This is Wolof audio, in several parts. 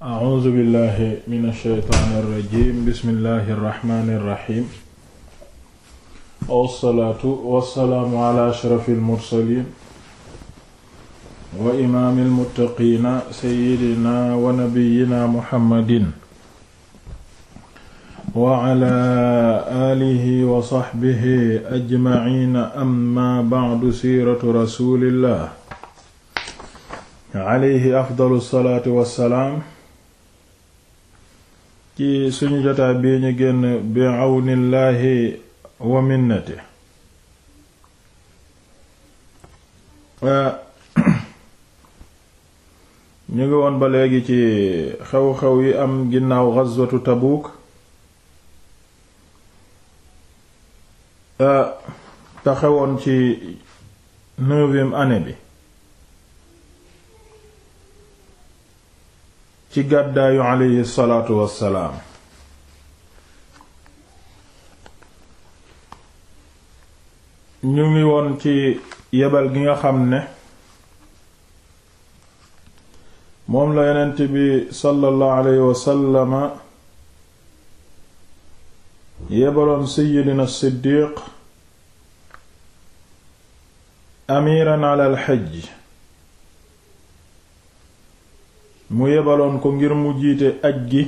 a'uuzu billahi mina shaytaani rajiim bismillahi rahmaani rahiim wassalaatu wassalaamu ala ashrafil mursaliin wa imaamil muttaqiina sayyidina wa nabiyyina muhammadin wa ala aalihi wa sahbihi ajmaciina amma bacdu siiratu rasuulillah alayhi afdalu salaatu wassalaam ci suñu jotaa bii ñu génn bi àwnillaahi wa minnati ñu ngi woon ba léegi ci xew-xew yi am ginnaaw ghazwatu Tabuuk ah, te xewoon ci neuvième année bi ci gàddaayu aleyhi salaatu wassalaam ñu ngi woon ci yebal gi nga xam ne moom la yonent bi sallallahu alayhi wasallama yebaloon seydina siddiq amiran ala alxajj mu yebaloon ko ngir mu jiite aj gi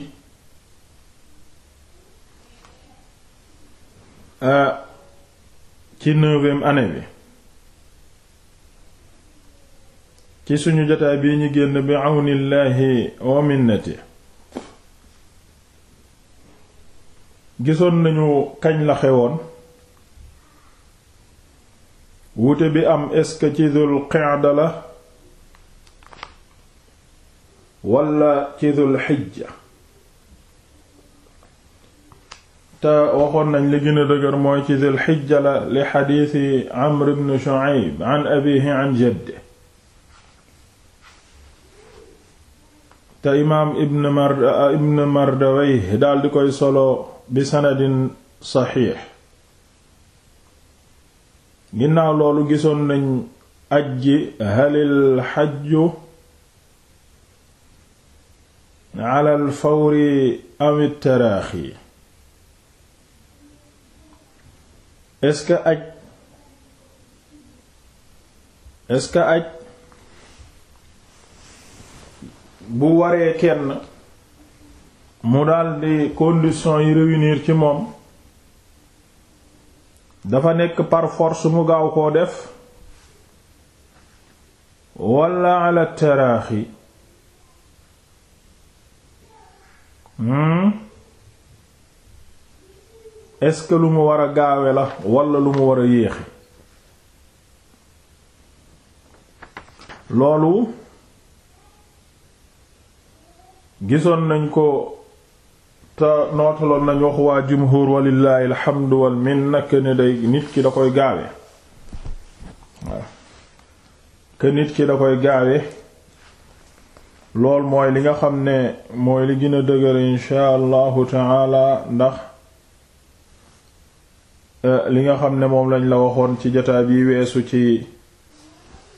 ci neuvième année bi ci suñu jotaay bii ñu génn bi àwnillaahi wa gisoon nañu kañ la xewoon wuute bi am est-ce que ci dul qa'da la wala ci dul xijja te waxoon nañ li gën a dëgër mooy ci dul xijja la li xadiisi Amr ibn Shu'ayb an abiihi an jaddi te imaam ibn ah, Mard daldi koy solo bi sanadin saxiix ginnaaw loolu gisoon nañ ajji halil xajju ala alfawri am taraaxi est-ce aj ce que aj bu waree kenn mu daldi conditions yi réunir ci moom dafa nekk par force mu gaaw koo def walla ala taraaxi Hmm? est-ce que lu mu war a gaawe la walla lu mu war a yéexi loolu gisoon nañ ko te nootaloon nañu wax waa jumhur walillahi alhamdu wal minna ne day nit ki da koy gaawe waaw que nit ki da koy gaawe lool mooy li nga xam ne mooy li gën a dëgër insha allahu taala ndax eh, li nga xam ne moom lañ la waxoon ci jataab yi weesu ci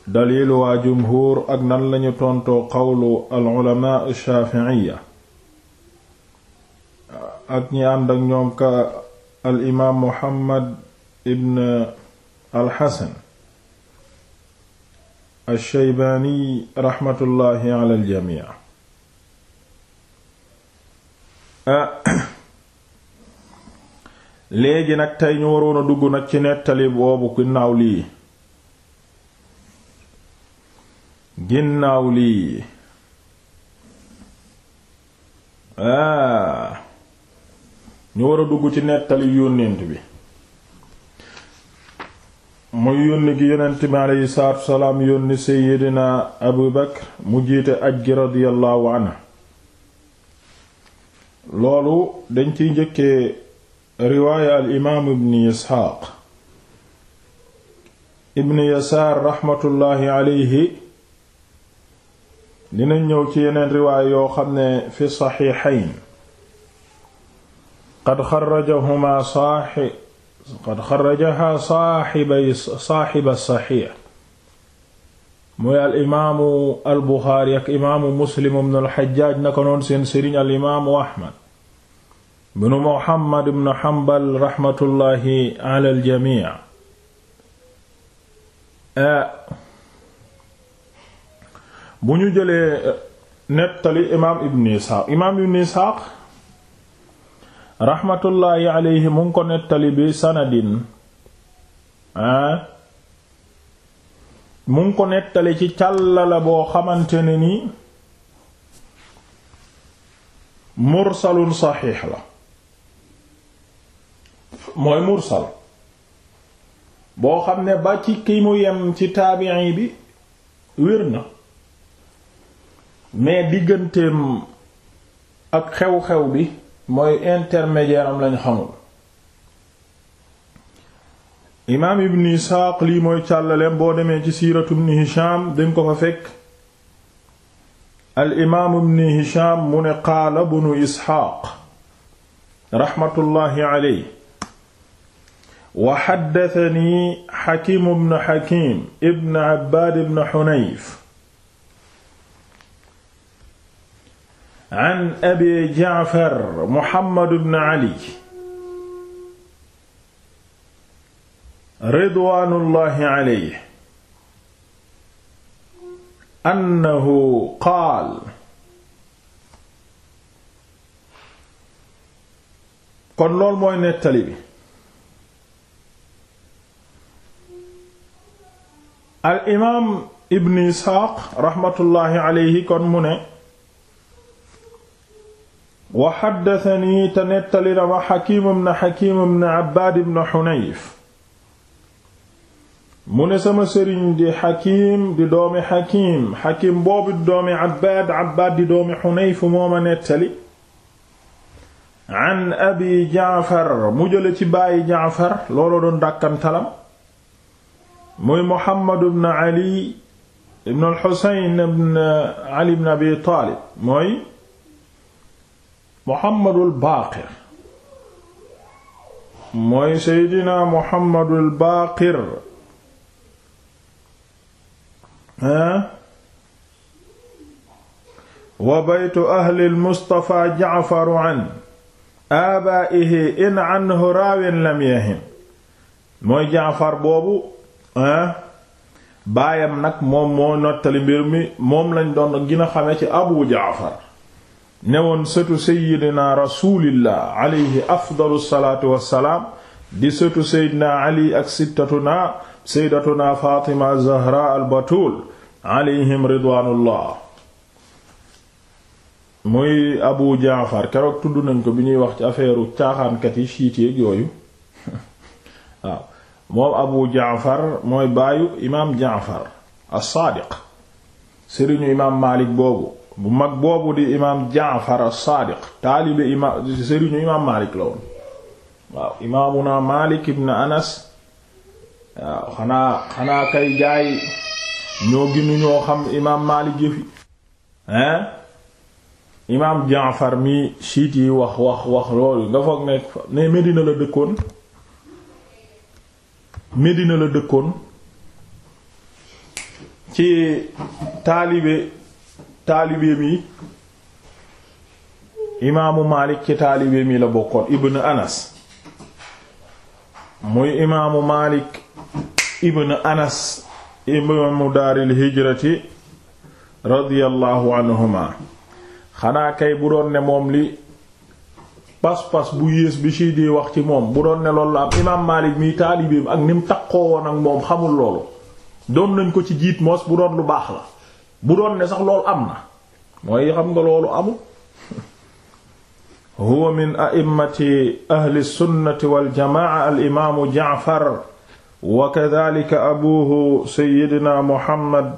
dalilu waa jumhur ak nan lañu tontoo qawlu al ulama shaafi'iyya ak ñi ànd ak ñoom ka al imaam muhammad ibn al hasan alsheybaani raxmatullahi ala aljami ah, léegi nag tey ñu waroon a dugg nag ci nettali boobu ginnaaw lii ginnaaw lii ah, ñu war a dugg ci nettali yónnent bi muy yónni gi yonent bi aleyhi salaatu wasalaam yónni seydina abu bakr mu jiite aj gi radiyallahu loolu dañ ci njëkkee riwaaya al imaam ibn isxaaq ibn yasaar raxmatullaahi aleyhi dina ñëw ci yeneen riwaaya yoo xam ne fi saxiixayn qad xarrajahuma saaxi qad xarajaha saaxibay saaxiba saxiix muy al imaamu al buxaari ak imaamu muslim ibn al xajjaaj naka noon seen sëriñ al imaamu ahmad bnu muhammad ibn xambal raxmatullaahi ala al jamii bu ñu jëlee nettali imaam ibn isxaaq imaam ibn isxaaq raxmatullaahi alayhi mu ngi ko nettali bi sanadin ah mu ko nettali ci càllala boo xamante ne nii mursalun saxiix la mooy mursal boo xam ne ba ci ki mu yem ci taabi'i bi wér na mais digganteem ak xew-xew bi mooy intermédiaire am lañ xamul imaam ibn isxaaq lii mooy càllaleem boo demee ci siiratu ibn hisham dañ ko fa fekk al ibn hisham mu ne qaala bunu isxaaq raxmatullaahi aley wa xaddatani xakiim ibn xakiim ibn abbaad ibn xunayf an abi jaafar muhammad bn ali ridwaanullahi alayhi annahu qaal kon lool mooy nettali bi al imaam ibn isxaaq raxmatullahi alayhi kon mu ne wa xaddatani te nettali na ma xakim ibn abbaad ibn xunayf mu ne sama sëriñ di xakim di doomi xakim xakim boobu di doomi abbaad di doomi xunayf moo ma nettali an abi jaafar mu jële ci bàyyi jaafar looloo doon dàkkantalam muy muhammadu ibn ali ibn al xuseyn ali ibn abi taalib mooy Muhammadul Baaqir mooy Seydina Muhammadul Baaqir wa baytu ahlil Mustafa Ja'faru an aabaa'ihi in anhu raawin lam yahin mooy Ja'far boobu baayam nag moom moo nottali mbir moom lañ doon gën a ci Abu Ja'far newoon sëtu seydina rasulillah alayhi afdalu salaatu wassalaam di sëtu seydina ali ak sittatuna seydatuna fatima zahra al batul alayhim ridwaanullah muy abu jaafar keroog tudd nañ ko bi ñuy wax ci affaire caaxaankat yi siit yeeg yooyu waaw moom abu jaafar mooy baayu imaam jaafar as-saadiq sëriñu imaam maalik boobu bu mag boobu di imaam Jaafar as-Saadiq taalibe imaam sëriñu imaam Maalik la woon waaw imaamuna Maalik ibn Anas waaw xanaa xanaa kay jaay ñoo ginu ñoo xam imaam Maalik jëfi hein imaam Jaafar mi siit yi wax wax wax loolu nga foog nekk ne Medina la dëkkoon Medina la dëkkoon ci taalibe taalibeem yi imaamu Maalik ci taalibeem yi la bokkoon ibn Anas muy imaamu Maalik ibn Anas imaamu daaril hijrati radiyallahu anhuma xanaa kay bu doon ne moom li pas-pas bu yées bi ci di wax ci moom bu doon ne loolu la am imaam Maalik miy taalibeem ak ni mu takkoo woon ak moom xamul loolu doon nañ ko ci jiit moos bu doon lu baax la bu doon ne sax loolu am na mooy xam nga loolu amul huwa min a'immati ahli sunnati wal jamaa al imaamu jaafar wa kadhalika abuhu sayyidina muhammad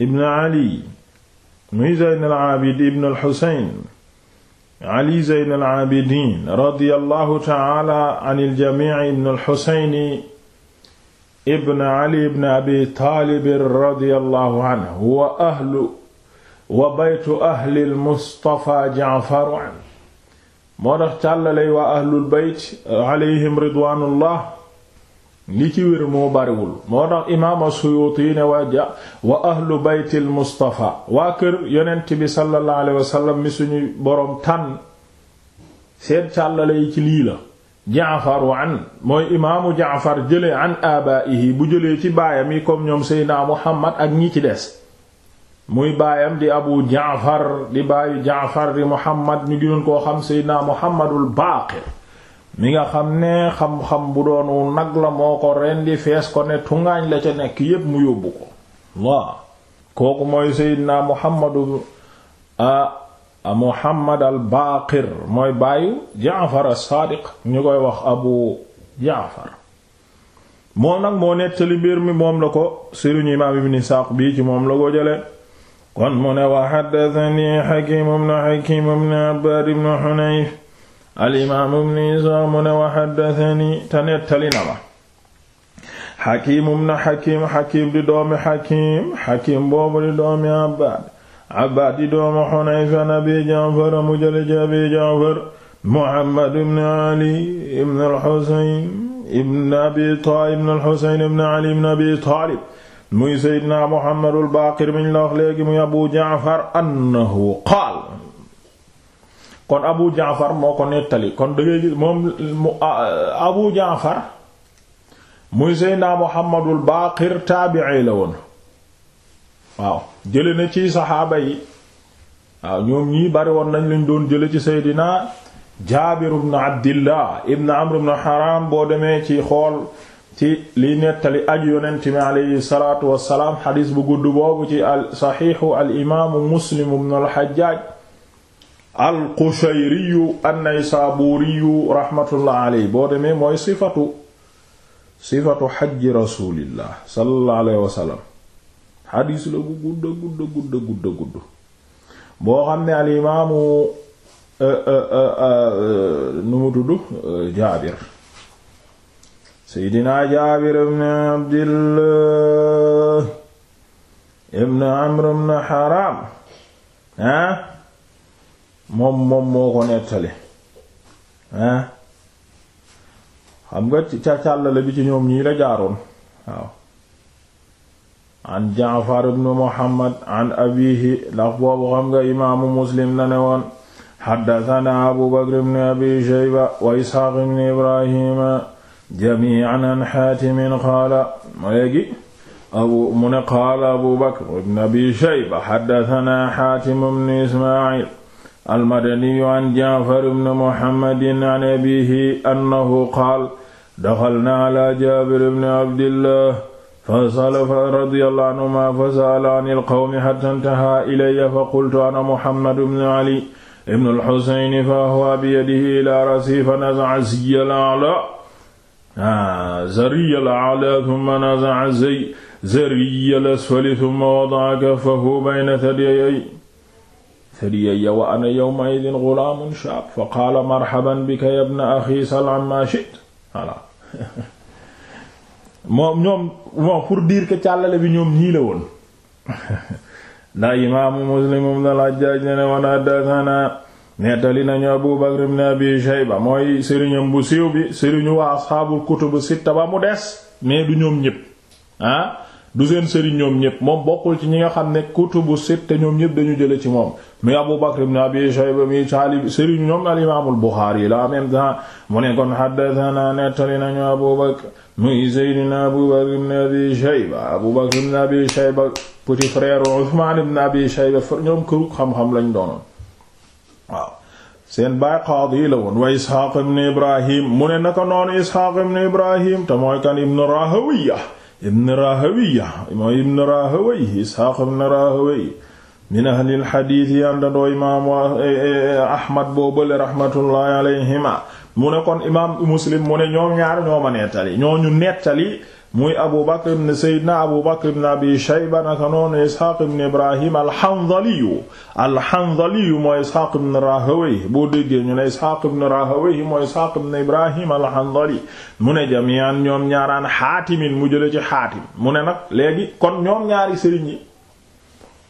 ibn ali muy zeyn al abid ibn al husayn ali zeyn al abidin radiyallahu ta'ala anil jamii ibn al husayn ibn ali ibn abi taalib radiyallahu anhu wa ahlu wa baytu ahli al-Mustafa Jaafar an moo tax càllalay waa ahlul bayt alayhim li ci wér moo bariwul moo tax imaam Suyuuti ne waa ja wa ahlu bayti al-Mustafa waa kër yonent bi sallallahu wa sallam mi suñu boroom tànn seen càllale yi ci lii jaafaru an mooy imaamu jaafar jële an abaihi bu jëlee ci baayam yi comme ñoom seydna muhammad ak ñi ci des muy baayam di abu jaafar di baayu jaafar di muhammad ñu ginoon koo xam seydna muhammadul baaqir mi nga xam ne xam-xam bu doonu nag la moo ko rendi fees ko ne tungaañ la ca nekk yépp mu yóbbu ko waa kooku mooy seydna muhammadu ah, Muhammad al-Baqir mooy baayu Jaafar as ñu koy wax Abu Jaafar moom nag moo nettali mbir mi moom la ko sëriñu imaam ibn Isaaq bii ci moom la ko jële kon mu ne wa haddathani Hakim ibn Hakim ibn mu ne wa te nettali na ma Hakim ibn Hakim Hakim di doomi Hakim Hakim boobu di doomi Abbad Abbaad di doomu Hunayf an Abi Ja'far mu jële ci Abi Ja'far Muhammad ibn Ali ibn al-Husayn ibn Abi Taalib ibn al-Husayn ibn Ali ibn Abi Taalib muy Seydina Muhammadul Baaqir mi ñu la wax léegi muy Abu Ja'far annahu qaal kon Abu Ja'far moo ko nettali kon dangay gis moom Abu Ja'far muy Seydina Muhammadul Baaqir taabi'i la woon waaw jële na ci saxaaba yi waaw ñoom ñii bari woon nañ luñ doon jële ci seydina jaabir ibn abdillah ibn amr ibn haram boo demee ci xool ci liy nettali aju yonent mi aleyhi salaatu wassalaam xadiis bu gudd boobu ci al saxiixu al imaamu muslim ibn al xajjaaj al qushayriyu an naysaabuuriyu raxmatullah aleyhi boo demee mooy sifatu sifatu xajji rasulillah sallallahu alayhi wasallam xadiis la bu gudda gudda gudda gudda gudd boo xam ne al eh, eh, eh, nu mu tudd jaabir seydinaa jaabir ibn abdillah ibn amr ibn haram ah, moom moom moo ko nettali ah. xam nga ca càll bi ci ñoom ñii la jaaroon waaw an jaafar ibnu muhammad an abihi ndax boobu xam nga imaamu muslim la ne woon xaddatanaa abu bakr ibnu abi sheyba wa isxaaq ibnu ibrahima jamiican an xaatimin qaala mu léegi abu mu ne qaala abu bakr ibnu abi sheyba xaddatanaa xaatim ibnu ismaacil almadaniyu an jaafar ibnu muhammadin an abihi annahu qaal daxalnaa alaa jaabir ibnu abdillah fansalafa radiyallahu anhuma fasaala an ilqawmi xata ntahaa ilaya fa qultu ana mohammadu bnu ali ibnu alxusaini fa ahwa biyadihi ila rasi fa nazaca ziya lala a zariya lala tumma nazaca zey zariya lasfali tumma wadaca kaffahu bayna sadiyay sadiyay wa ana yawma idin gulaamun shaab fa qaala marxaban bika ya bna axi sal amma shit moom ñoom moo pour diir que càllale bi ñoom ñii la woon ndax imaamu muslim ibn al-Hajjaj ne woon haddathana nettali nañu Abu Bakr ibn Abi Shayba mooy sëriñam bu siiw bi sëriñu waa asxaabul kutubu sitta ba mu des mais du ñoom ñépp ah du seen sëriñ ñoom ñépp moom bokkul ci ñi nga xam ne kutubu sitta ñoom ñépp dañu jële ci moom muy Abu Bakr ibn Abi Shayba mi taali sëriñu ñoom al imaamul Buxaari la en même temps mu ne kon haddathana nettali nañu Abu muy Seydina Abu Bakr ibn Abi Shayba Abu Bakr ibn Abi Shayba petit frère Usmaan ibn Abi Shayba ñoom këru xam-xam lañ doonoon waaw seen baay qaadi la woon wa Isxaaq ibn Ibrahim mu ne naka noonu Isxaaq Ibrahim te kan ibn Rahawiya ibn Rahawiya mooy ibn Rahawayh min ahlil xadiis yi àndandoo imaamu eh, eh, eh, Ahmad boobale rahmatullahi alayhima mu ne kon imaam muslim mu ne ñoom ñaar ñoo ma nettali ñoo ñu nettali muy abu bakr ibn seydina abu bakr ibn abi shayba naka noonu isxaaq ibn ibrahim alxandaliyu alxandaliyu mooy isxaaq ibn boo déggee ñu ne isxaaq ibn rahawayh mooy isxaaq ibn ibrahim alxandali mu ne jamian ñoom ñaaraan xaatimin mu jële ci xaatim mu ne nag léegi kon ñoom ñaari sëriñ yi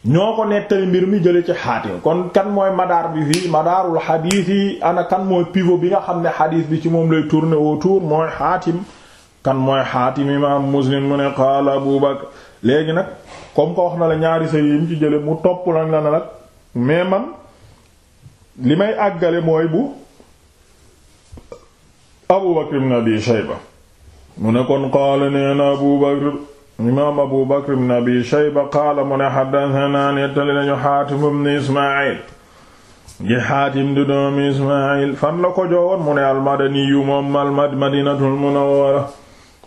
ñoo ko nettali mbir mi jële ci xaatim kon kan mooy madaar bi fii madaarul xadiis yi ana kan mooy pivot bi nga xam ne xadiis bi ci moom lay tourner autour mooy xaatim kan mooy xaatim imaam muslim mu ne qaala abu bakar léegi nag comme ko wax na la ñaari sa yi ci jële mu topp lañ la na nag mais man li may àggale mooy bu abu bakar ibn abi shayba mu ne kon qaala nee abu bakar imaam abu bakr ibn abi shayba qaala mu ne xaddatanaa xaatim di doomi ismail fan la ko joowoon mu moom almad madinatul munawwara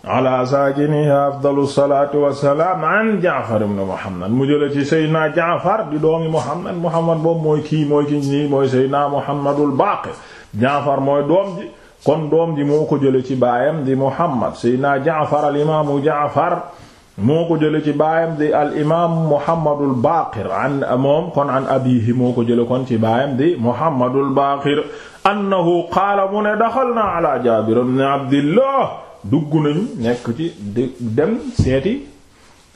ala saakiniha afdalu salaatu an jaafar ibn muhammad mu jële ci seydna jaafar di doomi muhammad muhammad boobu mooy kii mooy ki mooy seydna muhammadul baaqir jaafar mooy doom ji kon doom ji moo ko jële ci baayam di muhammad seydna jaafar al imaamu moo ko jële ci baayam di al imaam Muhammadul Baqir an moom kon an abiihi moo ko jële kon ci baayam di Muhammadul Baqir annahu qaala mu ne daxal naa ala Jaabir ibn Abdillah dugg nañu nekk ci di dem seeti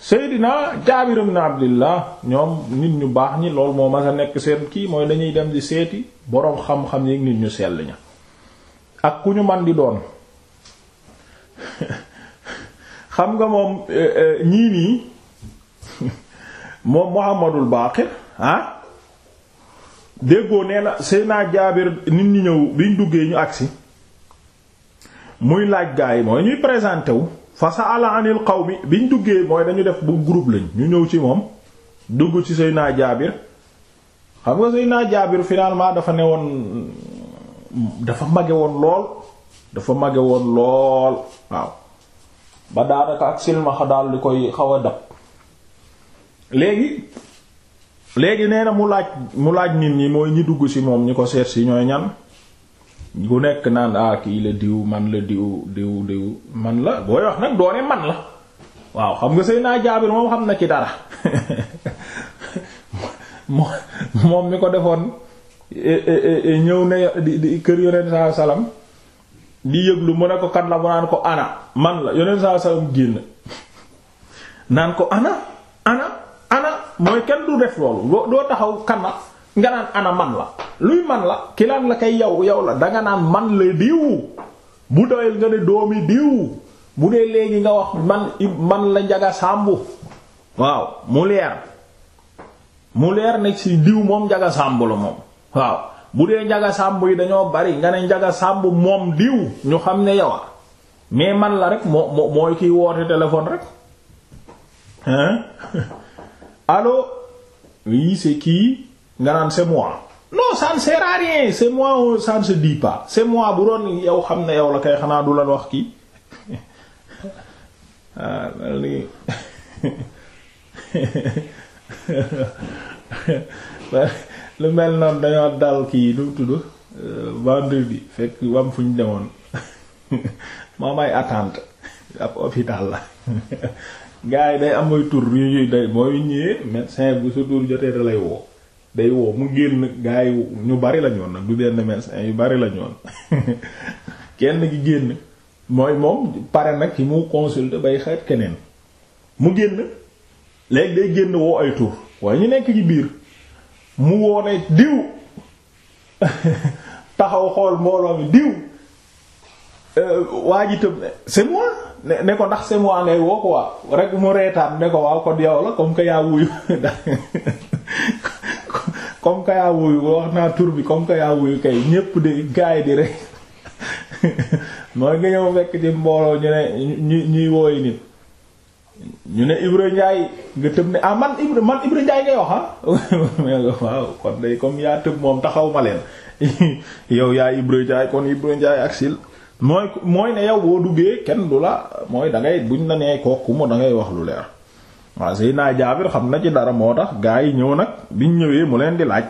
Seydina Jaabir ibn Abdillah ñoom nit ñu baax ñi loolu moo mas a nekk seen kii mooy dañuy dem di seeti boroom xam-xam yi nit ñu sell ña ak ku ñu man di doon xam nga moom euh, euh, ñii nii moom Muhammadul Baqir ah déggoo nee na Seydina Jaabir nit ñi ñëw biñ duggee ñu agsi muy laaj gaa yi mooy ñuy présenté wu fa sa'ala anil qawmi biñ duggee mooy dañu def bu group lañ ñu ñëw ci moom dugg ci Seydina Jaabir xam nga Seydina Jaabir finalement dafa ne woon dafa mage woon lool dafa mage woon lool waaw ba daanaka ak silmaxa daal di koy xaw a dab léegi léegi nee na mu laaj mu laaj nit ñi mooy ñi dugg si moom ñi ko seet ci ñooy ñan ku nekk naan ah kii la diw man la diw diw diw man la booy wax nag doone man la waaw xam nga naa Jaabir moom xam na ci dara moom mi ko defoon e, e, e, ñëw ne di kër yonent saa salaam di yëglu mu ne ko kan la mu naan ko ana man la yonent saa salaam génn naan ko ana ana ana mooy kenn du def loolu doo taxaw kana nga naan ana man la luy man la ki laan la kay yow yow la danga naan man la diw bu doyal nga ne doomi diw bu dee léegi nga wax man man la njaga sàmbu waaw mu leer mu leer ne ci diw moom njaga sàmbu la moom waaw bu dee njaga sàmbu yi dañoo bari nga ne njaga sàmbu moom diw ñu xam ne yowa mais man la rek moo moo mooy kiy woote téléphone rek hein allô oui c'est qui nga naan c'est moi non ça ne sert à rien moi ça se dit pas moi bu doon yow xam ne yow la kay xanaa du la wax kii ah léegi lu mel noonu dañoo dal kii lu mu tudd euh, vendredi fekk wam fu ñu demoon. moom ay attente ab hôpital la gars yi day amay tur yu ñuy day mooy ñëwee médecin bu sa tur jotee da lay woo day woo mu génn gars yi ñu bari la ñoon nag du benn médecin yu bari la ñoon kenn gi génn mooy moom pare nag ki mu consulter bay xeet keneen mu génn léegi day génn woo ay tur waaye ñu nekk ci biir mu woone diw taxaw xool mbooloo mi diw Euh, waa ji tëb ne c'est ne ne ko ndax c'est ngay woo ko waaw rek mu reetaan ne ko waaw kon yaa bi comme que yaa wuyu kay ñépp di gaay ah, ah? tëb moom taxaw ma leen yow yaa Ibra Ndiaye kon Ibra Ndiaye aksil mooy mooy ne yow boo duggee kenn du la mooy da ngay buñ la nee kooku mu da ngay wax lu leer waaw Seydina Jaabir xam na ci dara moo tax gaa yi ñëw nag bi ñu ñëwee mu leen di laaj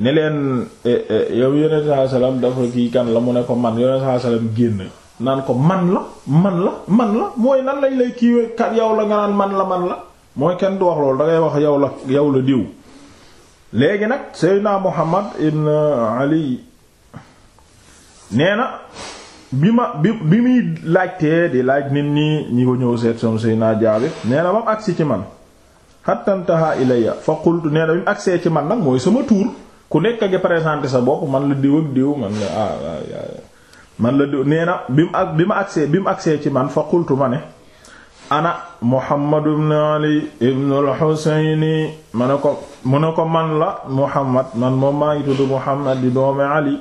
ne leen eh, eh, yow yonent saa salaam dafa kii kan la mu ne ko man yonent saa salaam génn naan ko man la man la man la mooy nan lañ lay kiiwee kat yow la nga naan man la man la mooy kenn du wax loolu da ngay wax yow la yow la diw léegi nag Seydina Muhammad ibn Ali nee na bi ma bi bi muy laajtee di laaj nit ñi ñi ko ñëw seet soom say naa Jaabir nee na ba agsi ci man hatta intaha ilayya fa qultu nee na bi mu agsee ci man nag mooy sama tuur ku nekk nga présenté sa bopp man la diw ak diw man la ah, ah, ah, ah man la diw nee bi mu ak bi agsee mu agsee ci man fa qultu ma ne ana Muhammad ibn Ali ibn al-Husayni ne ko mu ne ko man la Muhammad man moom maa ngi tudd Muhammad di doomi Ali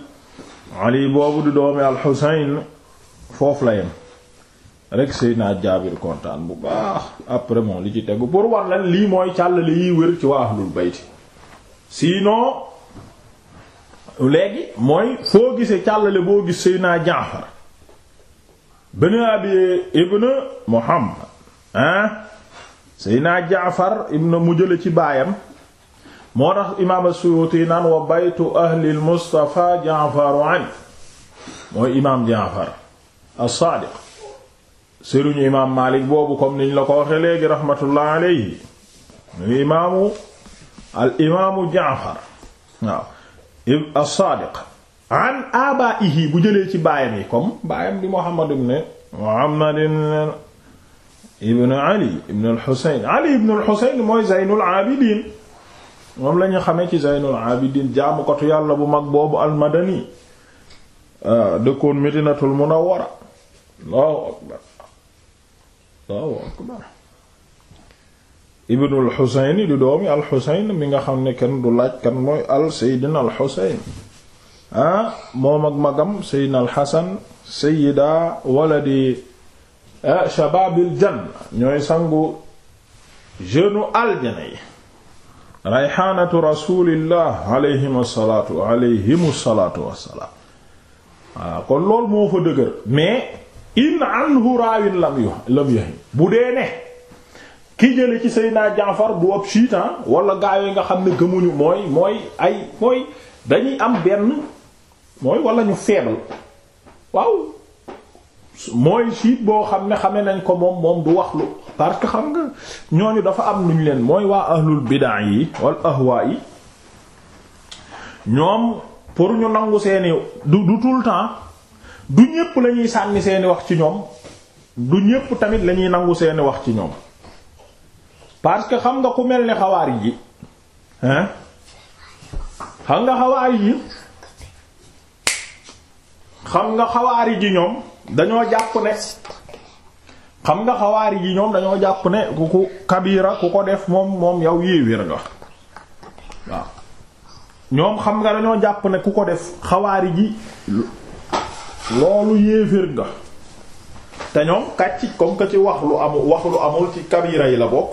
ali boobu di doomi alxuseyn foofu la yem rek Seydina Jaabir kontaan bu baax après moom li ci tegu pour war lii mooy càllale yiy wér ci waa ahlul bayti sinon léegi mooy foo gisee càllale boo gis Seydina Jaafar bin Abi ibn Muhammad ah Seydina Jaafar ibn mu jële ci baayam moo tax imaam as-Suyuti naan wa baytu ahli al-Mustafa Ja'far an mooy imaam Ja'far as-Sadiq sëriñu imaam Maalik boobu comme niñ la ko waxe léegi rahmatullah alayhi muy imaamu al imaamu Ja'far waaw as-Sadiq an abaa'ihi bu jëlee ci baayam yi comme baayam di Muhammad ibn Muhammad ibn Ali ibn al-Husayn Ali ibn al-Husayn mooy Zaynul Abidin moom lañu xamee ci Zaynul Abidin jaamukatu yàlla bu mag boobu almadani ah, dëkkoon Medinatul Munawwara Allahu akbar Allahu akbar Xuseyn di doomi al Xuseyn mi nga xam ne kenn du laaj kan mooy al Seydina al Xuseyn ah moom magam Seydina al Xasan Seyyida waladi ah, shabaabil janna ñooy sangu jeune aljana yi rayxaanatu rasulillah alayhim salaatu alayhim salaatu wassalaam waaw kon loolu moo fa dëgër mais in anhu raawin lam bu dee ne ki jële ci Seydina Jaafar du ab chiitan wala gaayoo yi nga xam ne gëmuñu mooy mooy ay mooy dañuy am benn mooy wala ñu faible waaw mooy siit boo xam ne xamee nañ ko moom moom du wax lu parce que xam nga ñooñu dafa am lu leen mooy waa ahlul bidaa yi wal ahwaa yi ñoom pour ñu nangu seeni du du tout le temps du ñépp la ñuy sànni seeni wax ci ñoom du ñépp tamit la ñuy nangu seeni wax ci ñoom parce que xam nga ku mel ni xawaari ji xam nga xawaari ji xam nga xawaari ji ñoom. dañoo jàpp ne xam nga xawaari yi ñoom dañoo jàpp ne ku ku kabira ku ko def moom moom yow yéewér nga waaw ñoom xam nga dañoo jàpp ne ku ko def xawaari ji loolu yéefér nga te ñoom kàcc comme que ci wax lu amul wax lu amul ci kabira yi la bokk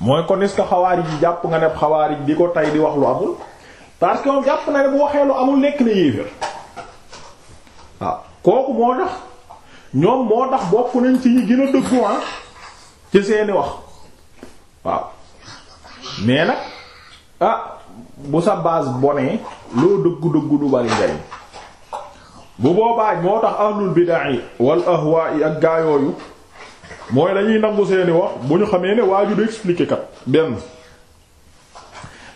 mooy ko est-ce que xawaari ji jàpp nga ne xawaari ji di ko tay di wax lu amul parce que ñoom jàpp na ne bu waxee lu amul nekk na yéefér kooku moo tax ñoom moo tax bokk nañ ci ñi gën a ah ci seeni wax waaw mais nag ah bu sa base bonee loo dëggu dëggu du bari njariñ bu boobaa moo tax ahlul bidaa'i wal ahwaa'i ak gaa yooyu mooy dañuy nangu seeni wax bu ñu xamee ne waaju du expliquer kat benn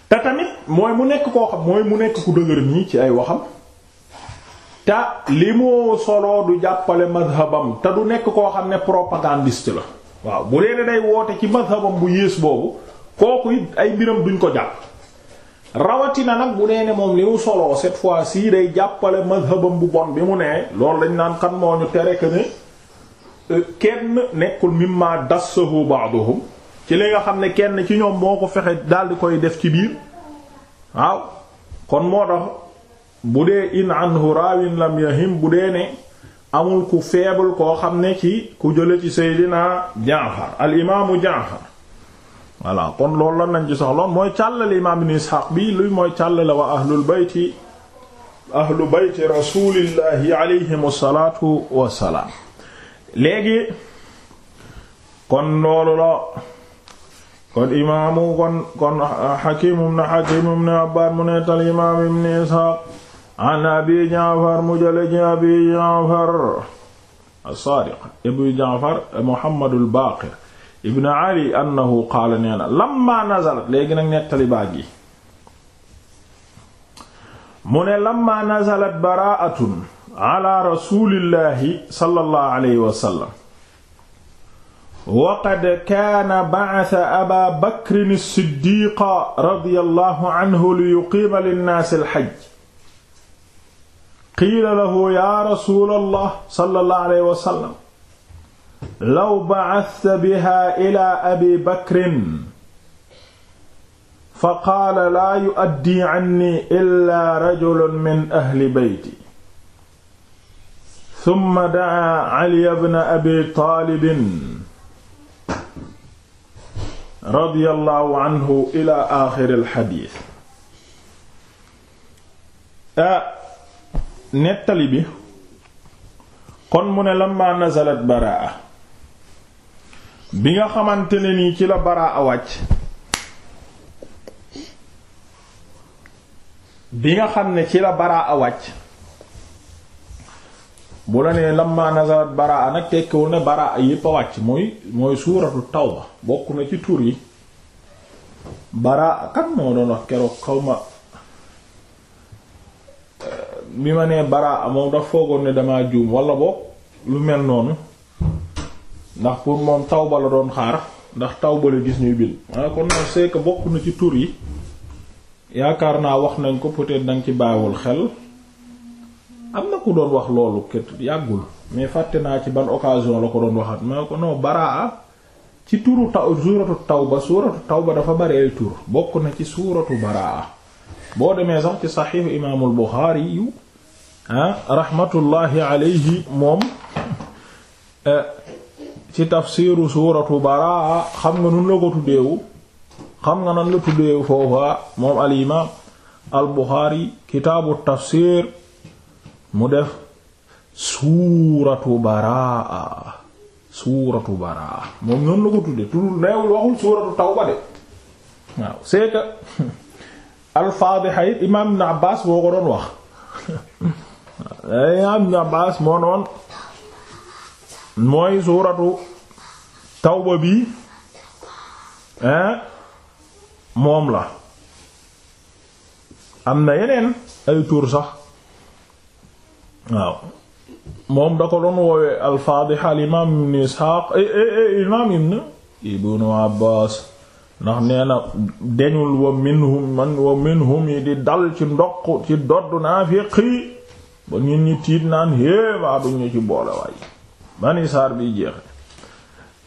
te tamit mooy mu nekk koo xam mooy mu nekk ku dëgër ñi ci ay waxam. te li mu soloo du jàppale mazhabam te du nekk koo xam ne propagandiste la waaw bu leen day woote ci mazhabam bu yées boobu kooku it ay biram duñ ko jàpp rawatina nag bu nee ne moom li mu soloo cette fois-ci day jàppale mazhabam bu bon bi mu nee loolu dañ naan kan moo ñu tere que ne euh, kenn nekkul mimma dassahu ba'duhum ci li nga xam ne kenn ci ñoom moo ko fexe daal di koy def ci biir waaw kon moo tax bu dee in anhu raawin lam yahim bu dee ne amul ku faible koo xam ne ci ku jële ci seydina jaafar al imaamu jaafar voilà kon loolu lan nañ ci soxloon mooy càllale imaam ibn isxaaq bi luy mooy càllale waa ahlul bayti ahlu bayti rasulillahi alayhim asalaatu wasalaam léegi kon loolu la kon imaamu kon kon xakim ibn xakim ibn abbaad mu neetal imaam ibn isxaaq an abi jaafar mu jële ci abi jaafar as-Saadiq abu jaafar Muhammadul Baaqir ibn Ali annahu qaala nee na lamma nazalat léegi nag nettali baag yi mu ne lamma nazalat baraatun ala rasulillahi sallallahu alayhi wa sallam wa qad kaana ba'atha Abaa Bakrin as-Siddiiq radiyallahu anhu li yuqiima linnaasi al-hajj qiila lahu yaa rasuulallah sallallahu alayhi wa sallam law ba'athta bihaa ilaa abi bakrin fa qaala laa yu'addii cannii illaa rajulun min ahli beyti summa da'aa caliya bna abi taalibin radiyallahu anhu ilaa aaxiril xadiis ah, nettali bi kon mu ne lamma nazalat baraa bi nga xamante ne nii ci la baraa wàcc bi nga xam ne ci la baraa wàcc bu la nee lamma nazalat baraa nag tekkiwul ne baraa yépp a wàcc mooy mooy suuratu tawba bokk na ci tur yi baraa kan moo doon wax keroog xawma bi ma nee baraa moom daf foogoon ne damaa juum walla boog lu mel noonu ndax pour moom tawba la doon xaar ndax tawba la gis ñuy bil maanaam kon nag c'est bokk na ci tur yi yaakaar naa wax nañ ko peut-être danga ci bàyyiwul xel am na ku doon wax loolu ket yàggul mais fàtte naa ci ban occasion la ko doon waxat ma ko non baraa ci turu taw suuratu tawba suuratu tawba dafa bari tur bokk na ci suuratu baraa boo demee sax ci saxiixu imaamul xaar yu rahmatullahi alayhi moom eh, ci tafsiru suuratu baraa xam nga nun la ko tuddeewu xam nga nan la tuddeewu foofa moom al imaam kitaabu tafsir mu def suuratu baraa suuratu baraa moom noonu la ko tuddee tuddul neewul waxul suuratu tawba de waaw c'est que al imaam ibn abbaas boo ko doon wax ibn Abbaas moo noon mooy suuratu tawba bi moom la am na yeneen ay tuur sax waaw moom da ko doon woowee alfaadixa al imaam ibn eh, eh, eh, ibnu Abbaas ndax nee deñul wa minhum man wa minhum yi di dal ci ndoq ci dodd naafiqi ba ngeen ñi tiit naan hée waa duñ ñu ci boole waay bani saar biy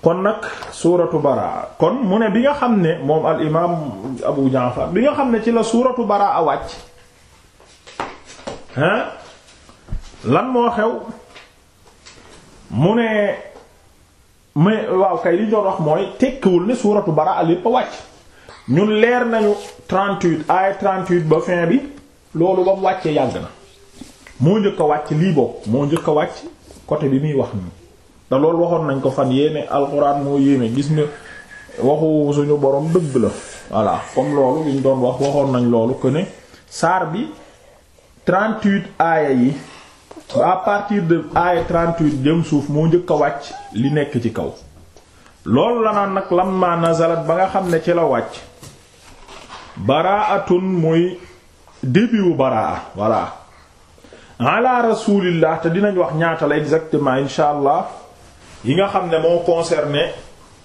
kon nag suuratu baraa kon mu ne bi nga xam ne moom al imaam abu jaafar bi nga xam ne ci la suuratu baraa a wàcc hein lan moo xew mu ne mais waaw kay li doon wax mooy tekkiwul ne suuratu baraa lépp a wàcc ñun leer nañu 38 ay 38 ba fin bi loolu ba mu wàccee yàgg na moo njëkk a wàcc lii bokk moo njëkk wàcc côté bi muy wax nii da loolu waxoon nañ ko fan yéene alxuraan moo yéeme gis nga waxu suñu borom dëgg la voilà comme loolu liñ doon wax waxoon nañ loolu que ne saar bi 38 aaya yi ba à partir de aaya 38 jëm suuf moo njëkk a wàcc li nekk ci kaw loolu la nag nag lamma nazalat ba nga xam ne ci la wàcc baraatun muy débiwu baraa voilà ala rasulillah te dinañ wax ñaata la exactement insha allah yi nga xam ne moo concerné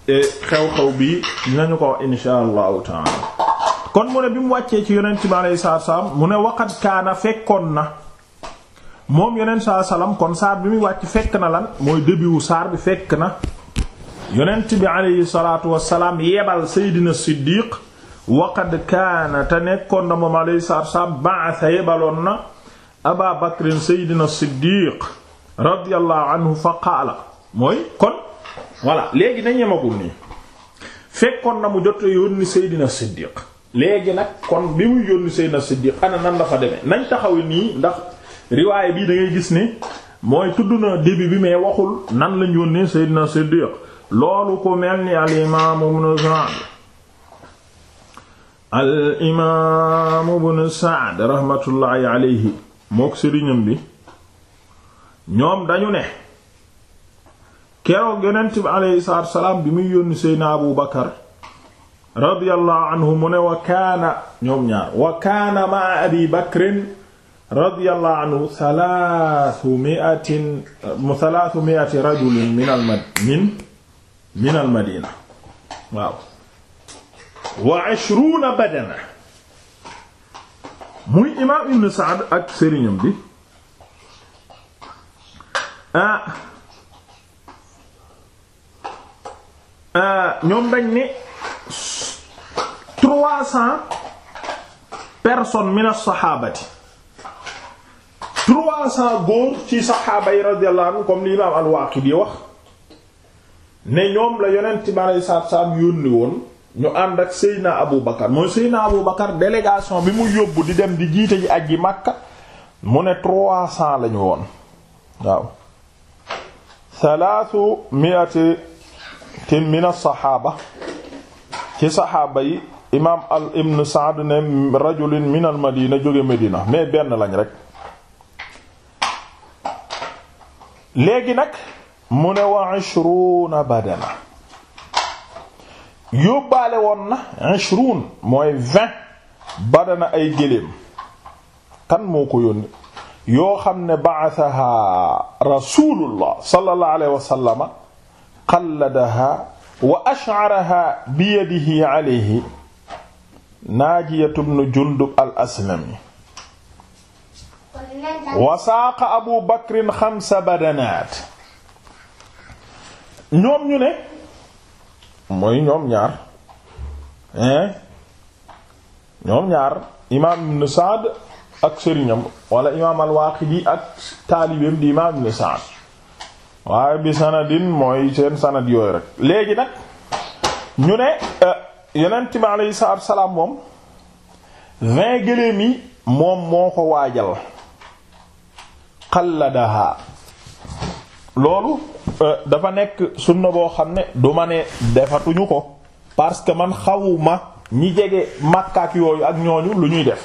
eh, xew-xew bi dinañu ko wax insha allahu taala kon mu ne bi mu wàccee ci yonent bi alayhi salaatu salaam mu ne waqat kaana fekkoon na moom yonent saa salaam kon saar bi muy wàcc fekk na lan mooy début wu saar bi fekk na yonent bi alayhi salaatu wasalaam yebal Seydina Siddiq waqad kaana te nekkoon na moom alayhi salaatu salaam ba'atha yebaloon na aba bakrin seydina siddiq radiallahu fa qaala mooy kon voilà léegi na ñemagul nii fekkoon na mu jotee yónni seydina siddiq léegi nag kon bi muy yónni seydina siddiq ana nan la fa demee nañ taxawe nii ndax riwaay bii dangay gis ni mooy tudd na début bi mais waxul nan lañ yónnee seydina siddiq loolu ko mel ni al imaam ibn Sa'd al imaam ibn mook sëriñam bi ñoom dañu ne keroog yonent bi aleyhi salaatu wasalaam bi muy yónni seyna abu bakar radiyallahu anhu mu ne wa kaana ñoom ñaar wa kaana ma abi bakrin radiyallahu anhu salaasu miatin salaasu miati rajulin min al min min al madina waaw wa ishruuna badana muy imaam ibn Saad ak sëriñam bi ah, ah ñoom dañ ne trois cents personnes min as-sahabati trois cents góor ci saxaaba yi radiyallahu comme li imaam al-Waaqidi wax ne ñoom la yonent bi alayhi salaatu salaam yónni woon ñu ànd ak Seydina Abu Bakar mooy Seydina Abu Bakar délégation bi mu yóbbu di dem di jiite ji ak ji màkk mu ne trois cents lañu woon waaw thalathu mi'ati min ci saxaaba yi imaam al ibn Sa'd ne rajulin min al madina jóge Medina mais benn lañ rek léegi nag mu ne wa ishruna yóbbaale woon na ishruun mooy vingt badana ay géléem kan moo ko yónni yoo xam ne ba'athaha rasulullah sallallahu alayhi wa sallama qalladaha wa ash'araha bi yadihi alayhi naajiyatu ibn jundub al aslami wa saaqa abu bakrin xamsa badanaat ñoom ñu ne mooy ñoom ñaar hein ñoom ñaar imaam ibn Saad ak sëriñam wala imaam al-Waaqidi ak taalibeem di imaam ibn Saad waaye bi sanadin mooy seen sanad yooyu rek léegi nag ñu ne euh, yeneen bi aleyhi salaatu salaam moom vingt gëléem yi moom moo ko waajal xalladaha loolu Euh, dafa nekk sunna boo xam ne du ma ne defatuñu ko parce que man xawuma ñi jege màkkaak yooyu ak ñooñu lu ñuy def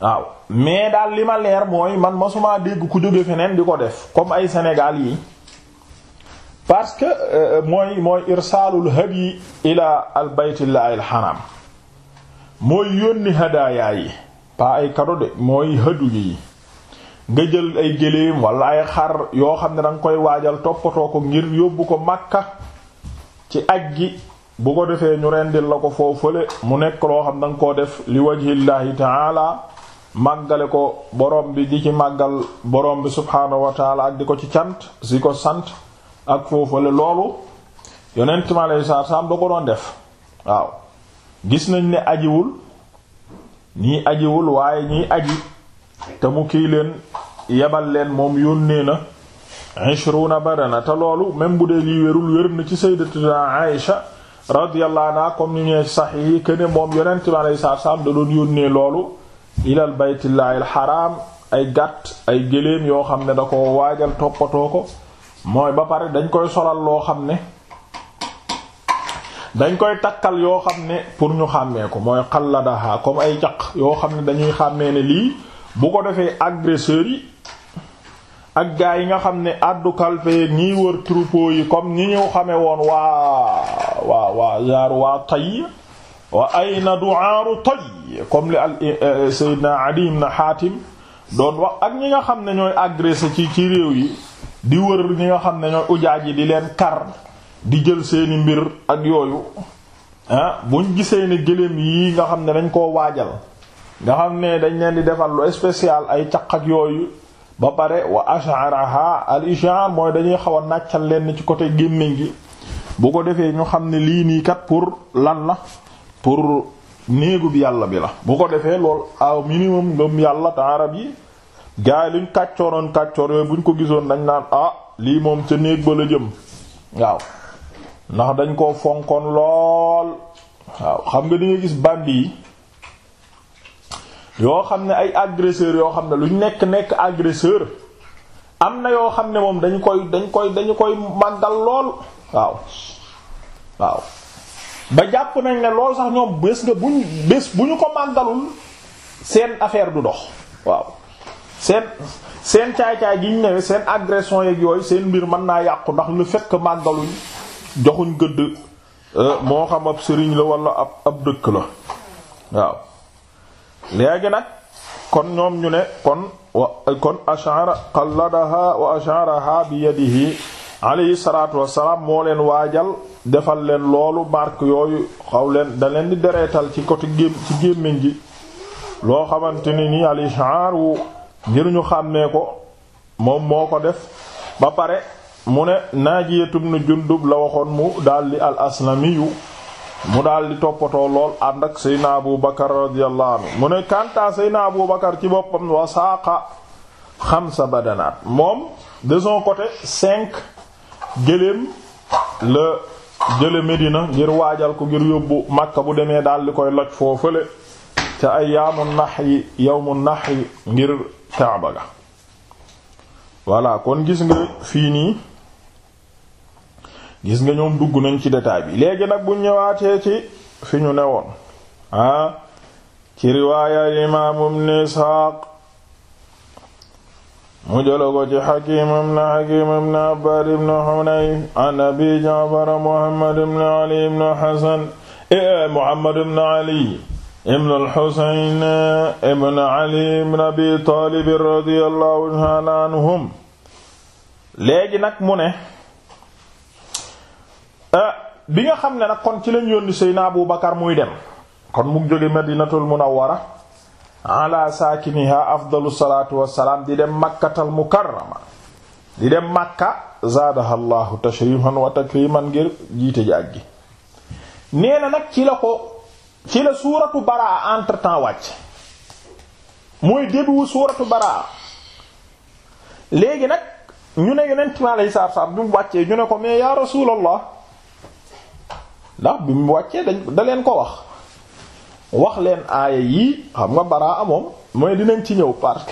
waaw mais daal li ma leer mooy man masuma dégg ku jóge feneen di ko def comme ay Sénégal yi parce que euh, mooy mooy irsaalul hadi ila al baytillahi al haram mooy yónni hadaaya yi pas ay kado de mooy hadu yi nga jël ay géléem wala ay xar yoo xam ne danga koy waajal toppatoo ko ngir yóbbu ko Makka ci aj gi bu ko defee ñu rendil la ko foofale mu nekk loo xam danga koo def li wajhillaahi taala màggale ko borom bi di ci màggal borom bi subhaanahu wa ak di ko ci cant si ko sant ak foofale loolu yonent mi alayhi salaatu salaam da ko doon def waaw gis nañ ne ajiwul ñii ajiwul waaye ñii aji te mu kii leen yebal leen moom yónnee na ishruna badana te loolu même bu dee lii wérul wér na ci sayyidatuna Aïsha radiyallahu anha comme ni ñee sax yi ne moom yonent bi alayhi salaam da doon yónnee loolu ilal baytillahi alxaraam ay gàtt ay gëléem yoo xam ne da ko waajal toppatoo ko mooy ba pare dañ koy solal loo xam ne dañ koy takkal yoo xam ne pour ñu xàmmee ko mooy xalladaha comme ay jaq yoo xam ne dañuy xàmmee ne lii bu ko defee agresseurs yi ak gaa yi nga xam ne àddu kalpe ñiy wër troupeau yi comme ñi ñëw xame woon waa waa waa jaar waa tay wa ayna du'aaru tay comme li al eh, eh, sayyidina Adi ibn Hatim doon wax ak ñi nga xam ne ñooy agressé ci ci réew yi di wër ñi nga xam ne ñooy ujaaj yi di leen kar di jël seeni mbir ak yooyu ah buñ gisee ne gëléem yi nga xam ne dañ koo waajal nga xam ne dañ leen di defal lu spécial ay caq ak yooyu ba pare wa ash'araha al ish'ar mooy dañuy xaw a nàccal leen ci côté gémmiñ gi bu ko defee ñu xam ne lii nii kat pour lan la pour néegu bi yàlla bi la bu ko defee lool aw minimum ngëm yàlla te arab yi gaay luñ kàccooroon kàccoor yooyu buñ ko gisoon dañ naan ah lii moom ca néeg ba la jëm waaw ndax dañ ko fonkoon lool waaw xam nga di nga gis bandi yi yoo xam ne ay agresseur yoo xam ne lu ñu nekk nekk agresseur am na yoo xam ne moom dañ koy dañ koy dañu koy màggal lool waaw waaw ba jàpp nañ ne lool sax ñoom bés nga bés bu ñu ko màggalul seen affaire du dox waaw seen seen caay-caay gi ñu newe seen agression yeeg yooyu seen mbir mën naa yàqu ndax lu fekk màggaluñ joxuñ gëdd euh, moo xam ab sëriñ la wala ab ab dëkk la waaw léegi nag kon ñoom ñu ne kon wa kon ash'ara qalladaha wa ash'araha bi yadihi alayhi salaatu wassalaam moo leen waajal defal leen loolu marque yooyu xaw leen da leen di dereetal ci côté gém ci gémmiñ gi loo xamante ni ni al ishaar wu ngir ñu xàmmee ko moom moo ko def ba pare mu ne Naajiyatu ibn Jundub la waxoon mu daldi al aslamiyu mu daldi toppatoo lool ànd ak Seydina Abu Bakar radiyallahu anhu mu ne kanta Seydina Abu Bakar ci boppam wa saaqa xamsa badanaat moom deson son côté cinq gëléem la jële Medina ngir waajal ko ngir yóbbu Makka bu demee daal di koy loj foo fële ca ayyaamu nahyi yawmu nahyi ngir Kaaba ga voilà kon gis nga fii nii gis nga ñoom dugg nañ ci détail bi léegi nag bu ñëwaatee ci fi ñu newoon ah ci riwaaya imaam ibn Isxaaq mu jëla ko ci Hakiim ibn Hakiim ibn Abbaad ibn Hunayf an Abi Ja'far Muhammad ibn Ali ibn Hasan e, Muhammad ibn Ali ibn al-Husayn Ali ibn Abi Taalib radiyallahu ta'ala anhum léegi nag mu ne Euh, bi nga xam ne nag kon ci lañ yónni Seydina Abu Bakar muy dem kon mu jóge Madinatul Munawwara ala saakiniha afdalu salaatu wassalaam di dem Makkatal Mukarrama di dem Makka zaadaha llahu tashrifan wa takriman ngir jiite ji ak gi nag ci la ko la suuratu baraa entre temps wàcc mooy début wu suuratu baraa léegi nag ñu ne yonent mi alayhi salaatu wassalaam bi mu wàccee ñu ko mais ya rasulallah ndax bi mu wàccee dañ da leen ko wax wax leen aaya yii xam nga baraa moom mooy dinañ ci ñëw parce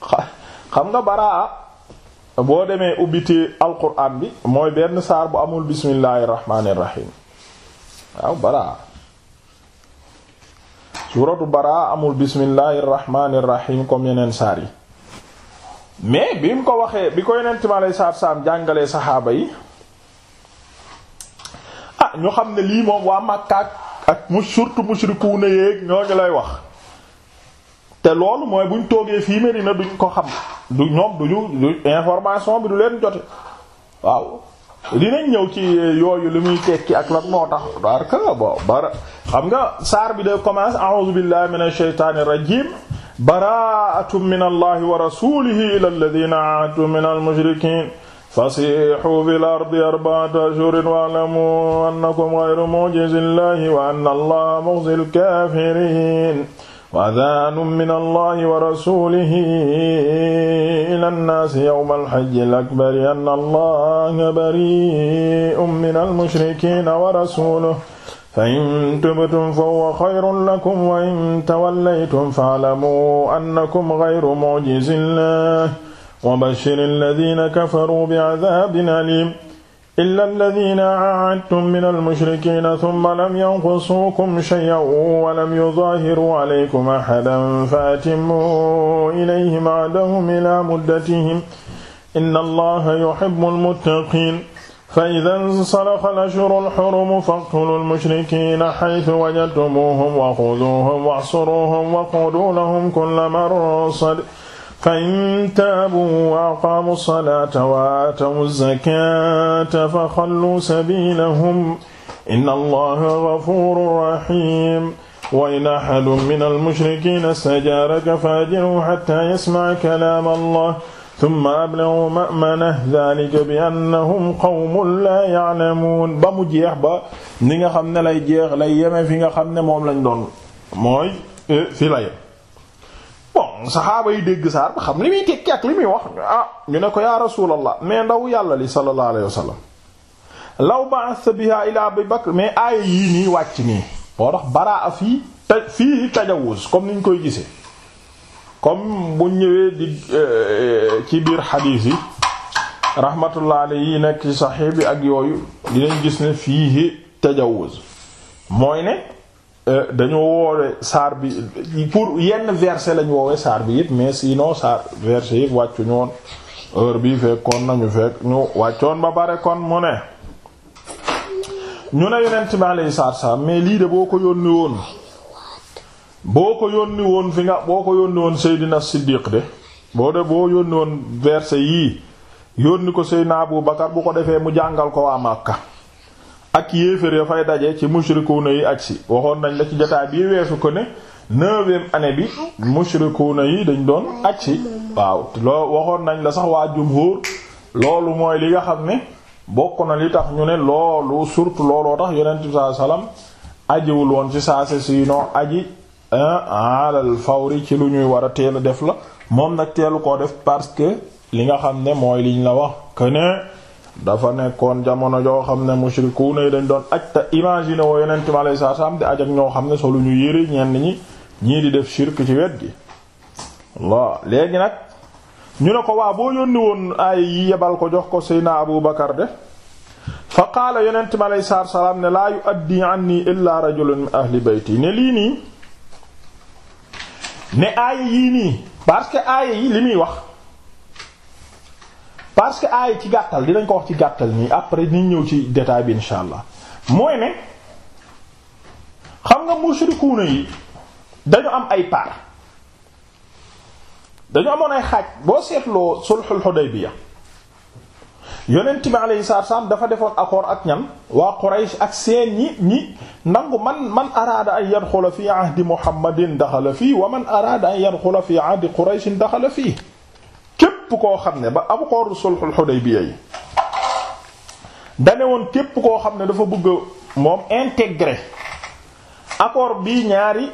que xam nga baraa boo demee ubbiti alquran bi mooy benn saar bu amul bismillahir rahmanir rahim waaw baraa suratu baraa amul bismillahir rahmanir rahim comme yeneen saar yi mais bi mu ko waxee bi ko yeneen time alay saar saam jàngalee saxaaba yi ah ñu xam ne lii moom waa Makka ak mu surtout mushrikuuna ñoo ñooñu lay wax te loolu mooy buñ toogee fii Medina duñ ko xam du ñoom duñu information bi du leen jote waaw dinañ ñëw ci yooyu li muy tekki ak lan moo tax daar ka bon bara xam nga saar bi de commence a'udhu billahi minash shaytanir rajim bara'atun minallahi wa rasulihi ilal ladina atum minal mushrikin fasiixu fil ardi arba'ata ashhurin wa'lamu annakum ghayru mu'jizillahi wa anna allaha mukhzil kaafiriin wa adhaanun min allahi wa rasuulihi ila nnaasi yawmal hajjil akbari anna allaha bari'un minal mushrikiina wa rasuuluhu fa in tubtum fa huwa khayrun lakum wa in tawallaytum fa'lamuu annakum ghayru mu'jizillahi wa bashiri alladina kafaruu bi'adaabin aliim illa alladina aahadtum min almushrikiina summa lam yanqusuukum shay'an wa lam yudaahiruu alaykum ahadan fa atimmuu ilayhim ahdahum ilaa muddatihim inna allaha yuhibbul muttaqiin فإذا انسلخ الأشهر الحرم فاقتلوا المشركين حيث وجدتموهم وخذوهم واحصروهم وقعدوا لهم كل مرصد fa in taabu wa aqaamu salaata wa aatawu zakaata fa xallu sabiilahum inna allaha gafuurun rahiim wa in ahadun minal mushrikiina stajaaraka faajirhu hattaa yasmaca kalaama allah summa ablaghu ma'manahu dhaalika bi annahum qawmun laa ya'lamuun ba mu jeex ba ni nga xam ne lay jeex lay yeme fi nga xam ne moom lañ doon mooy eh, fi lay bon saxaaba yi dégg saar ba xam li muy tekki ak li muy wax ah ñu ne ko yaa rasulallah mais ndaw yàllali li sallallahu alayhi wa sallam law ba'atha biha ila Abi Bakr mais aaya yii nii wàcc nii moo tax baraa fii te fii tajawuz comme ni ñu koy gisee comme bu ñëwee di eh, ci biir xadiis yi rahmatullah alayhi yi nekk ci saxiix bi ak yooyu dinañ gis ne fii tajawuz mooy ne Euh, dañoo woowe saar bi pour yenn verse lañu woowe saar bi yëpp mais sinon saar verset yëpp wàccu ñoon heure bi fekkoon nañu fekk ñu wàccoon ba pare kon mu ne ñu ne yonent bi alayhi salaatu mais lii de boo ko yónni woon boo ko yónni woon fi nga boo ko yónni woon Seydina Siddiq de boo de boo yónni woon verset yii yónni ko Seydina bu Bakar bu ko defee mu jàngal ko waa Makka ak yéefér ya fay daje ci mushrikuuna yi si waxoon nañ la ci jotaay bii weesu ko ne neuvième année bi mushrikuuna yi dañ doon agsi waaw loo waxoon nañ la sax waa jumhur loolu mooy li nga xam ne bokk na li tax ñu ne loolu surtout looloo tax yonent bi sallallahu alayhi ajiwul woon ci saase sinon aji alal fawri ci lu ñuy war a teel def la moom nag teelu koo def parce que li nga xam ne mooy liñ la wax que dafa nekkoon jamono joo xam ne mushrikuuna yi dañ doon aj te imaginer woo yeneen mi alei saatu salaam di aj ak ñoo xam ne solu ñu yére ñenn ñi ñii di def shirk ci wet gi waaw léegi nag ñu ne ko waa boo yónni woon ay yi yebal ko jox ko seyna Abu Bakar de fa qaala yonent mi aleyhi salaatu salaam ne laa yu addi anni illaa rajulun min ahli bayti ne lii nii ne aaya yii nii parce que aaya yi li muy wax parce que aaya ci gàttal dinañ ko wax ci gàttal nii après ni ñëw ci détail bi insha allah mooy ne xam nga mushrikuuna yi dañu am ay part dañu amoon ay xaaj boo seetloo sulhul Hudaybiya yonent bi alayhi salaam dafa defoon accord ak ñan waa Quraysh ak seen ñi ñi nangu man man araada an yadxula fi ahdi Muhammadin daxala fii wa man araada an yadxula fi ahdi Qurayshin daxala fii képp koo xam ne ba accordu sulhul Hudaybiya yi dane woon képp koo xam ne dafa bëgg moom intégrer accord bii ñaari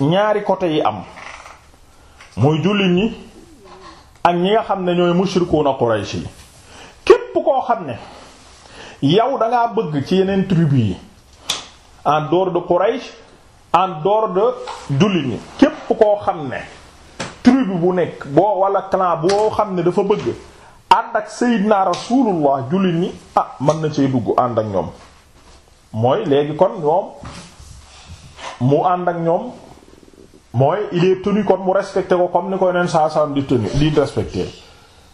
ñaari côté yi am muy julli ñi ak ñi nga xam ne ñooy mushrikuuna Quraysh yi képp koo xam ne yow da bëgg ci yeneen tribu yi en dehors de Quraysh en door de jullit ñi képp koo xam ne tribu bu nekk boo wala clan boo xam ne dafa bëgg ànd ak Seydina Rasulullah jullit ñi ah mën na cee dugg ànd ak ñoom mooy léegi kon ñoom mu ànd ak ñoom mooy il est kon mu respecté ko comme ni koy neen saa saa di tenu di respecté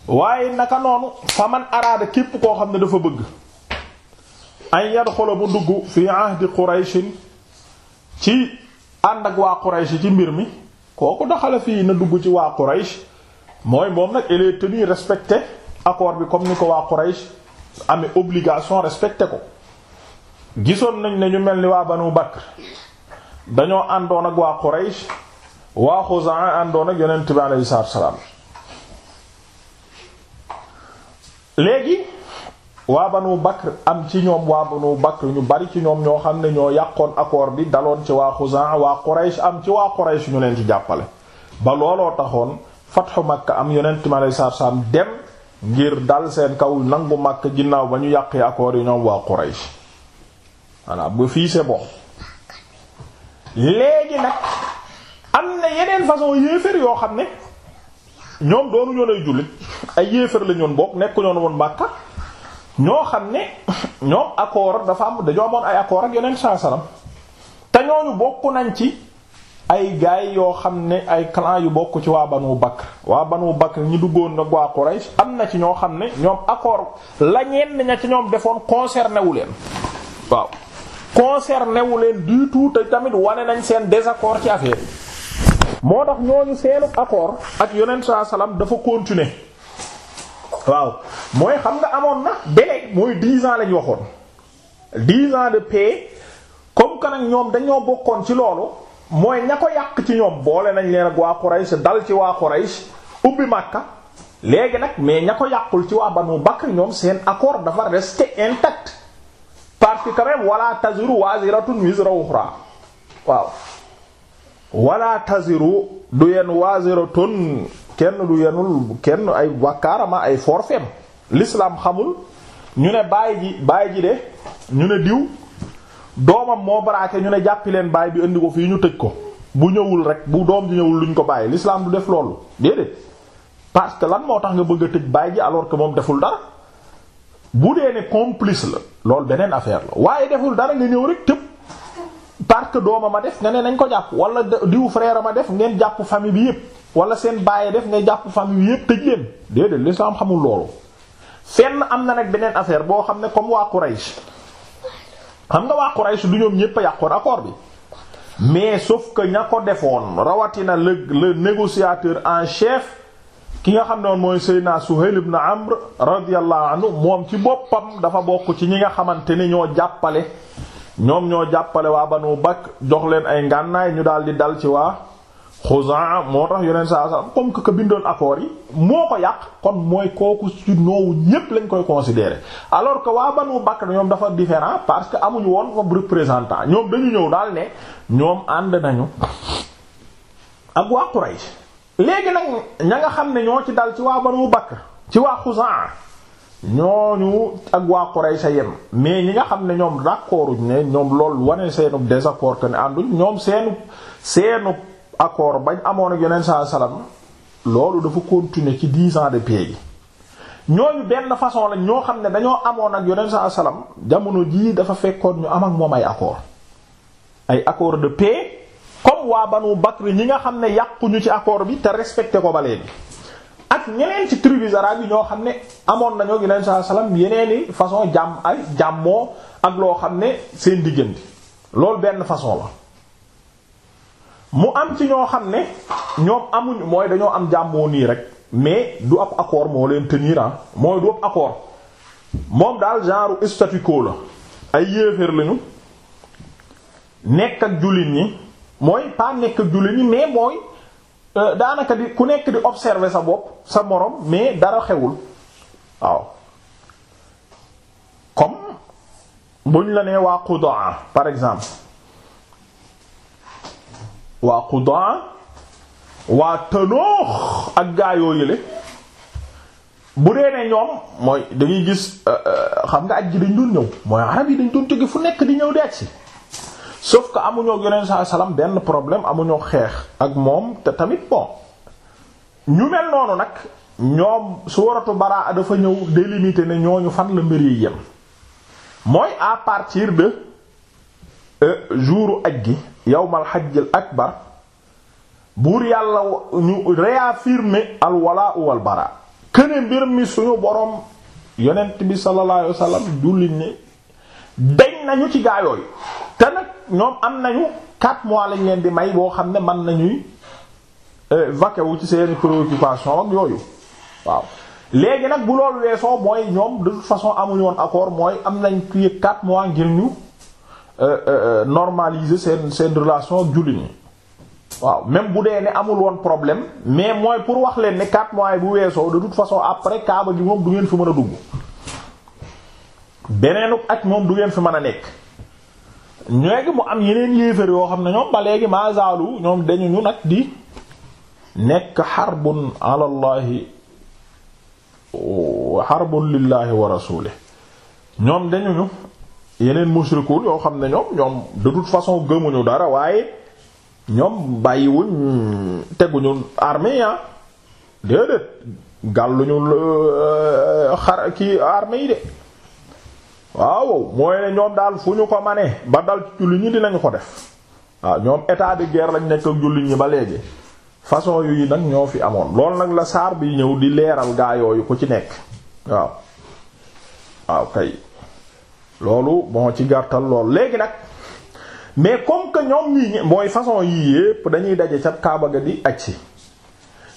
waaye naka noonu fa man araada képp koo xam ne dafa bëgg an yadxula mu dugg fi ahdi Quraysh ci ànd ak waa Quraysh ci mbir mi kooku daxala fii na dugg ci waa Quraysh mooy moom nag il est tenu respecter accord bi comme ni ko waa Quraysh amee obligation respecte ko gisoon nañ ne ñu mel ni waa mu Bakr dañoo àndoon ak waa Quraysh waa Xuzaa àndoon ak yonent bi alayhi salaam léegi waa wu bakk am ci ñoom waa wu Bakr ñu bari ci ñoom ñoo xam ne ñoo yàqoon accord bi daloon ci waa Xuzaa waa Quraysh am ci waa Quraysh ñu leen ci jàppale ba looloo taxoon fatxu Makka am yonent mi aleyhi salaatu salaam dem ngir dal seen kaw nangu Makka ginnaaw ba ñu yàqi accord yi ñoom waa Quraysh voilà ba fii c'est bon léegi nag am na yeneen façon yéefér yoo xam ne ñoom doonu ñoon ay jullit ay yéefér la ñoon bokk nekk ñoon woon Makka ñoo xam ne ñoom accord dafa am dañoo amoon ay accord ak yeneen saa salaam te ñooñu bokk nañ ci ay gaay yoo xam ne ay clan yu bokk ci waa ban Banu Bakr waa wu bakk ñi duggoon nag waa Quraysh am na ci ñoo xam ne ñoom accord la ñenn ña ci ñoom defoon concerné wu leen waaw concerné wu leen du tout te tamit wane nañ seen désaccord ci affaire moo tax ñooñu seenu accord ak yonent saa salaam dafa continuer waaw mooy xam nga amoon na délai mooy dix ans lañ waxoon dix ans de paix comme que ñoom dañoo bokkoon ci loolu mooy ña ko yàq ci ñoom boole nañ leen ak waa Quraysh dal ci waa Quraysh ubbi Makka léegi nag mais ña ko yàqul ci waa mu Bakr ñoom seen accord dafa rester intact parce que quand même wala taziru waziratun wizra ukhra waaw wala taziru du yenn waziratun kenn du yenul kenn ay wakkaarama ay forfem lislaam xamul ñu ne baay ji baay ji de ñu ne diw doomam moo baraake ñu ne jàppi leen baay bi indi ko fii ñu tëj ko bu ñëwul rek bu doom ji ñëwul luñ ko bàyyi lislaam du def loolu déedéet parce que lan moo tax nga bëgg a tëj baay ji alors que moom deful dara bu dee ne complice la loolu beneen affaire la waaye deful dara nga ñëw rek tëb parce que doomam a def nga ne nañ ko jàpp wala diw frère ma def ngeen jàpp famille bi yépp wala seen baay def nga jàpp famille bi yépp tëj leen déedéet l'islam xamul loolu fenn am na nag beneen affaire boo xam ne comme waa Quraysh xam nga waa Quraysh du ñoom ñépp a yàqoon accord bi mais sauf que ña ko defoon rawatina lëg le négociateur en chef ki nga xam ne woon mooy Seydina Suhayl na Amr radiyallahu anhu moom ci boppam dafa bokk ci ñi nga xamante ni ñoo jàppale ñoom ñoo jàppale waa Banu Bakr jox leen ay ngànnaay ñu daal di dal ci waa Xuzaa moo tax yeneen saa saa comme que ka bindoon accord yi moo ko yàq kon mooy kooku ci noowu ñépp lañ koy considérer alors que waa wu bàkk Bakr ñoom dafa différent parce que amuñu woon fa représentant ñoom dañu ñëw daal ne ñoom ànd nañu ak waa léegi nag nga xam ne ñoo ci dal ci waa Banu bàkk ci waa Xuzaa ñooñu ak waa Quraysh sa yem mais ñi nga xam ne ñoom d'accorduñ ne ñoom loolu wane seenu désaccord que ne ànduñ ñoom seenu seenu accord bañ amoon ak yeneen saa salaam loolu dafa continuer ci dix ans de paix yi ñooñu benn façon la ñoo xam ne dañoo amoon ak yeneen saa salaam jamono jii dafa fekkoon ñu am ak moom ay accord ay accord de paix comme waa Banu Bakr ñi nga xam ne yàquñu ci accord bi te respecté ko ba léegi ak ñeneen ci tribus arabes yi ñoo xam ne amoon nañoo ak yeneen saa salaam yeneen i façon jàmm ay jàmmoo ak loo xam ne seen diggante loolu benn façon la. mu am ci ñoo xam ne ñoom amuñu mooy dañoo am jàmmoo nii rek mais du ab accord moo leen tenir ah mooy du ab accord moom daal genre statu quo la ay yéeféer lañu nekk ak jullit ñi mooy pas nekk ak jullit ñi mais mooy euh, daanaka di ku nekk di observer sa bopp sa moroom mais dara xewul waaw comme buñ la nee waa Qudaa par exemple waa Qudaa waa Tanoox ak gaa yële bu dee ne ñoom mooy dañuy gis euh, euh, xam nga aj ji dañ doon ñëw mooy arab yi dañ doon jóge fu nekk di ñëw di aj si sauf que amuñoo yoneen saa salaam benn problème amuñoo xeex ak moom te tamit bon ñu mel noonu nag ñoom su waratu baraa dafa ñëw délimité ne ñooñu fan la mbir yi yem mooy à partir de Euh, jouru aj gi yawmal hajjil akbar buur yàlla ñu réaffirmer al walaa wal bara këne mbir mi suñu boroom yonent bi sallallahu alayhi wasallam jullit ne nañu ci gaayooyu te nag ñoom am nañu 4 mois lañ leen di may boo xam ne man nañuy euh, vaquer wu ci seeni préoccupation ak yooyu waaw léegi nag bu loolu weesoo mooy ñoom de toute façon amuñu woon accord mooy am nañ kii 4 mois ngir ñu Euh, euh, euh, normaliser seen seen relation ak jullit ñi waaw même bu dee ne amul woon problème mais mooy pour wax leen ne 4 mois bu weesoo de toute façon après kaaba gi moom du ngeen fi mën a dugg beneenu ak moom du ngeen fi mën a nekk. léegi mu am yeneen yéefar yoo xam ne ñoom ba léegi maazaalu ñoom dañu ñu nag di nekk xarbun alallahi xarbun lillahi wa rasuulihi ñoom dañu ñu yeneen mushrikuun yoo xam ne ñoom ñoom de façon gëmuñu dara waaye ñoom bàyyiwuñ teguñu armée ah déedéet gàlluñu euh, xar ki armée yi de waaw mooy ne ñoom daal fu ñu ko manee ba dal ci jullit ñi dinañu ko def waaw ñoom état de guerre lañ nekk ak jullit ñi ba léegi façon yu yi nag ñoo fi amoon loolu nag la saar bi ñëw di leeral gaa yooyu ku ci nekk waaw waaw kay loolu bon ci gàrtal lool léegi nag mais comme que ñoom ñii mooy façon yi yépp dañuy daje ca Kaaba ga di aj si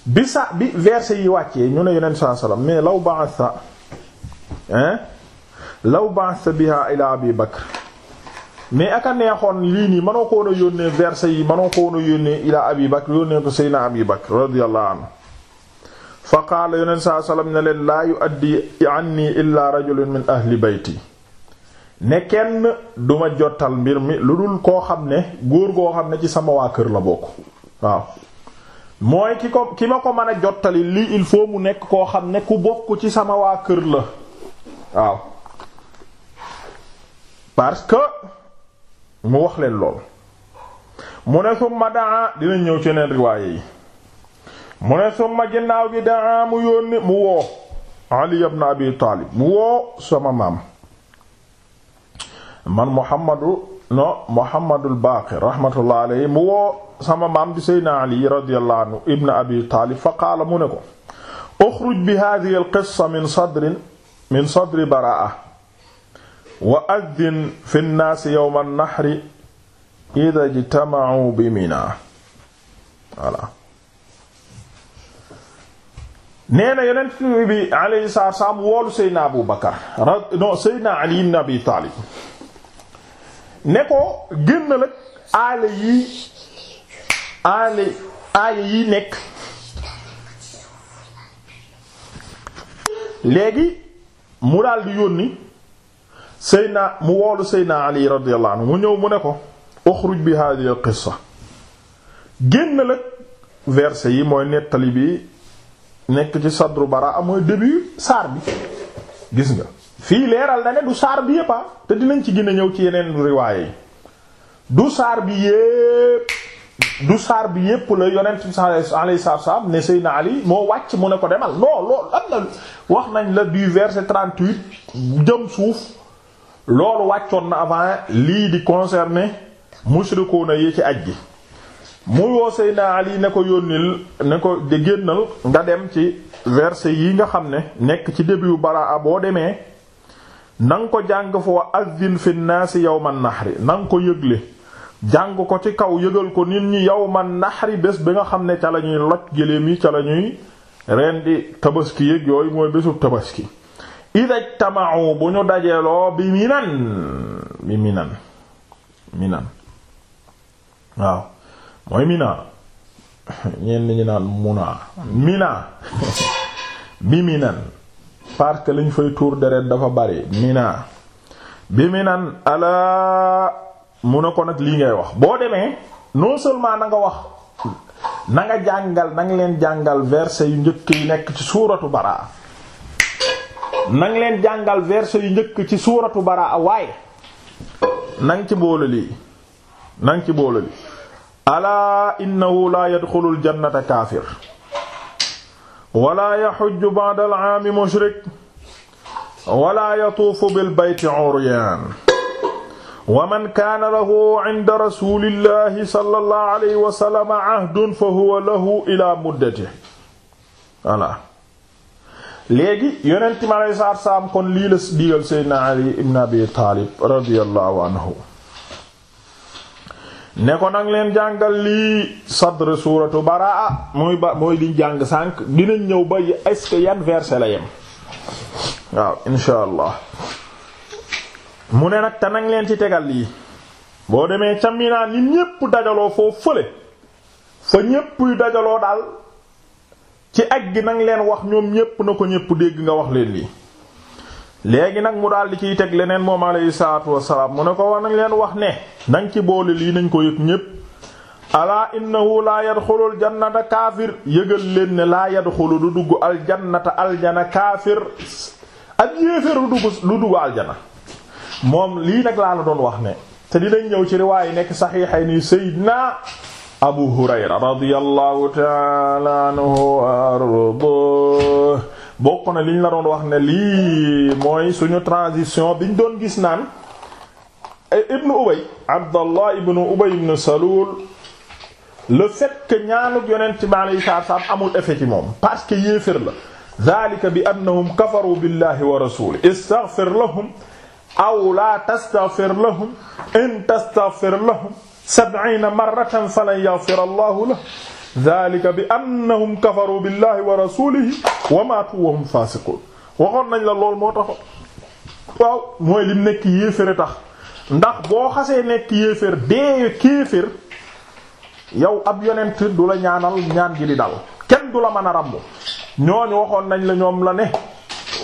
bi sa bi verset yi wàccee ñu ne yonent saa sallam mais law ba'atha hein law ba'atha biha ila Abi Bakr mais aka neexoon lii nii mënoo ko woon a yónnee verset yi mënoo ko woon a yónnee ila Abi Bakr yónnee ko Seydina Abi Bakr radiyallahu anhu fa qaala yonent saa sallam ne leen la yu'addi anni illa rajulun min ahli bayti ne kenn duma jottal mbir mi lu dul koo xam ne góor goo xam ne ci sama waa kër la bokk waaw mooy ki ko ki ma ko mën a jottali lii il faut mu nekk koo xam ne ku bokk ci sama waa kër la waaw parce que mu wax leen lool mu ne summa daa dina ñëw ci yeneen riwaaye yi mu ne summa ginnaaw bi daa mu yónni mu woo Ali ibn Abi Taalib mu woo sama maam man Muhammadu no Muhammadul Baqir rahmatullah alayhi mu woo sama maam di Seydina Ali radiyallahu anhu ibn Abi Taalib fa qaala mu ne ko uxruj bi haadihi al-qissa min sadrin min sadri baraa'a wa addin fi nnaasi yawma an-nahri idhaa ijtama'uu bi Minaa voilà nee na yonent bi alayhi salaam woolu Seydina Abu Bakar non Seydina Ali ibn Abi Taalib ne ko génn ak aale yi aale aale yi nekk léegi mu daal di yónni Seyna mu woolu Seyna Ali radiyallahu anhu mu ñëw mu ne ko uxruj bi hadhihi al qissa génnal ak verset yi mooy nettali bi nekk ci sadru bara mooy début saar bi gis nga fii leeral na ne du saar bi a te dinañ ci gën a ñëw ci yeneen riwaay yi du saar bi yépp du saar bi yépp la yonent bi alayhi salaam ne Seydina Ali moo wàcc mu ne ko demal non loolu am na wax nañ la du verset 38 jëm suuf loolu wàccoon na avant lii di concerner na yi ci aj gi mu woo Seydina Ali ne ko yónnil ne ko génnal nga dem ci verset yi nga xam ne nekk ci début bara boo demee na ko jàng fa wa addin fi naasi yawman nahri na ko yëgle jàng ko ci kaw yëgal ko nit ñi yawman nahri bés bi nga xam ne ca la ñuy loj gëléem yi ca la ñuy rendi tabaski yëg yooyu mooy bésub tabaski idaj tamau bu ñu dajeeloo bi minan bi minan minan waaw mooy mina ñeen ñi naan muna mina bi minan parce que lañ fay tuur deret dafa bari mina bi minan alaa mu ne ko nag lii ngay wax boo demee non seulement na nga wax na nga jàngal na nga leen jàngal verset yu njëkk yi nekk ci suuratu baraa na nga leen jàngal verset yu njëkk ci suuratu baraa waaye na nga ci boole lii na nga ci boole lii alaa innahu laa yadxulul jannata kaafir wala yaxujju ba'da al-aami mushrik wala yatuufu bil-bayti uryaan wa man kaana lahu 'inda rasuulillaahi sallallaahu alayhi wa sallam 'ahdun fa huwa lahu ilaa muddatihi voilà léegi yonent mi alayhi salaatu wa salaam kon lii la digal Seydina Ali ibn Abi Taalib radiyallaahu anhu ne ko nag leen jàngal lii sadr suuratu baraa mooy ba mooy liñ jàng sànk dinañ ñëw ba est yan verset la yem waaw insha mu ne nag te nag leen ci tegal lii boo demee ca Mina nit ñépp dajaloo foofu fële fa ñéppuy dajaloo daal ci aj gi nag leen wax ñoom ñépp na ko ñépp dégg nga wax leen lii léegi nag mu daal di ciy teg leneen moom alayhi salaatu wassalaam mu ne ko war nañ leen wax ne nañ ci boole lii nañ ko yëg ñépp alaa innahu laa yadxulul jannata kaafir yëgal leen ne laa yadxulu du dugg aljannata aljana kaafir ak yéeféer lu dugg moom lii nag laa la doon wax ne te dinañ ñëw ci riwaay yi nekk saxiixay ni Seydina Abu Hurayra radiyallahu ta'ala anhu ardo bokk na liñ la wax na lii mooy suñu transition biñ doon gis naan e, ibnu ubay abdallah ibnu ubay ibnu salul le fait que ñaanuk yonent bi alayhi salaatu amul effet ci moom parce que yéefér la dalika bi annahum kafaru billahi wa rasuli istaghfir lahum aw la tastaghfir lahum in tastaghfir lahum sab'iina dhalika bi annahum kafaru billahi wa rasulihi wa maatu wa hum fasiqun waxoon nañ la lool moo tax waaw mooy lim nekk yéefér tax ndax boo xasee nekk yéefér dee kéefér yow ab yonent du la ñaanal ñaan gi di dal kenn du la mën a ràmbu ñooñu waxoon nañ la ñoom la ne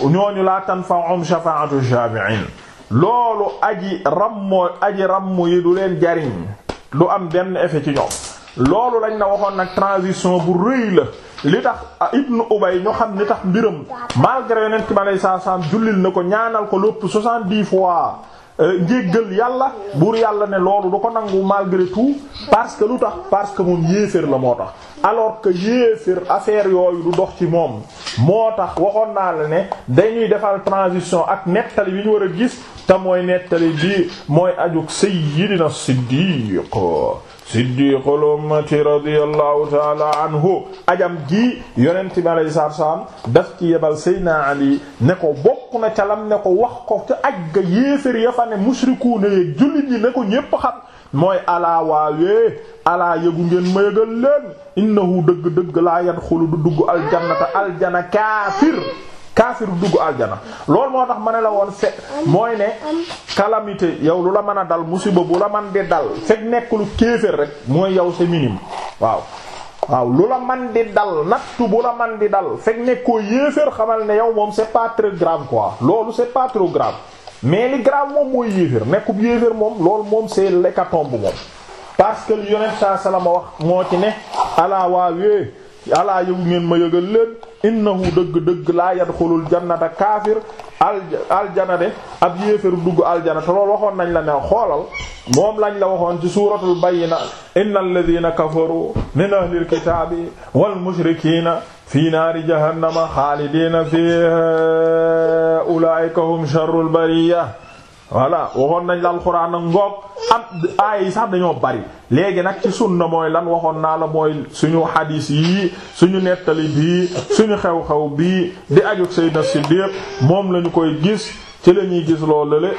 ñooñu laa tanfa'um shafa'atu shafi'in loolu aji rammoo aji ramm yi du leen jariñ du am benn effet ci ñoom loolu lañ la waxoon nag transition bu rëy la li tax ibnu ubay ñu xam ni tax mbiram malgré yonent bi aleyhi salaatu salaam jullil na ko ñaanal ko lépp soixante-dix fois euh, njéggal yàlla buur yàlla ne loolu du ko nangu malgré tout parce que lu tax parce que moom yéeféer la moo tax alors que yéeféer affaire yooyu du dox ci moom moo tax waxoon naa la ne dañuy defal transition ak nettali yu ñu war a gis te mooy nettali bi mooy ajug sayyidina Siddiq siddiqul ummati radiyallahu taala anhu ajam gi yonent bi alayhi salaam daf ci yebal Seydina Ali ne ko bokk na ca lam ne ko wax ko ca àgga yéefér ya fa ne mushrikuuna yeeg jullit yi ne ko ñépp xam mooy alaa waawee alaa yëgu ngeen ma yëgal leen innahu dëgg-dëgg laa yadxulu du dugg aljannata aljana kaafir kaafir dugg aljana loolu moo tax ma ne la woon fe mooy ne calamité yow lu la mën a dal musiba bu la man di dal fekk nekk lu kéefër rek mooy yow c'est minimum waaw waaw lu la man di dal nattu bu la man di dal fekk nekkoo yéeféer xamal ne yow moom c'est pas très grave quoi loolu c'est pas trop grave mais li grave moom mooy yéeféer bu yéeféer moom loolu moom c'est l'hécatombe moom parce que li yonent saa salama wax moo ci ne alaa waawee alaa yëgu ngeen ma yëgal innahu dëgg-dëgg laa yadxulul jannata kaafir al aljana de ab yéeféru dugg aljana te loolu waxoon nañ la ne xoolal moom lañ la waxoon ci suuratul bayyina inna alladina kafaru min ahlil kitaabi wal mushrikiina fi naari jahannama xaalidiina fiihaa ulaa'ika hum sharrul bariyya voilà waxoon nañ la alxuraan ak ngoog am yi sax dañoo bari léegi nag ci sunna mooy lan waxoon naa la mooy suñu xadiis yii suñu nettali bii suñu xew-xew bii di ajug Seydina Siddiq moom lañu koy gis ci la ñuy gis loolu le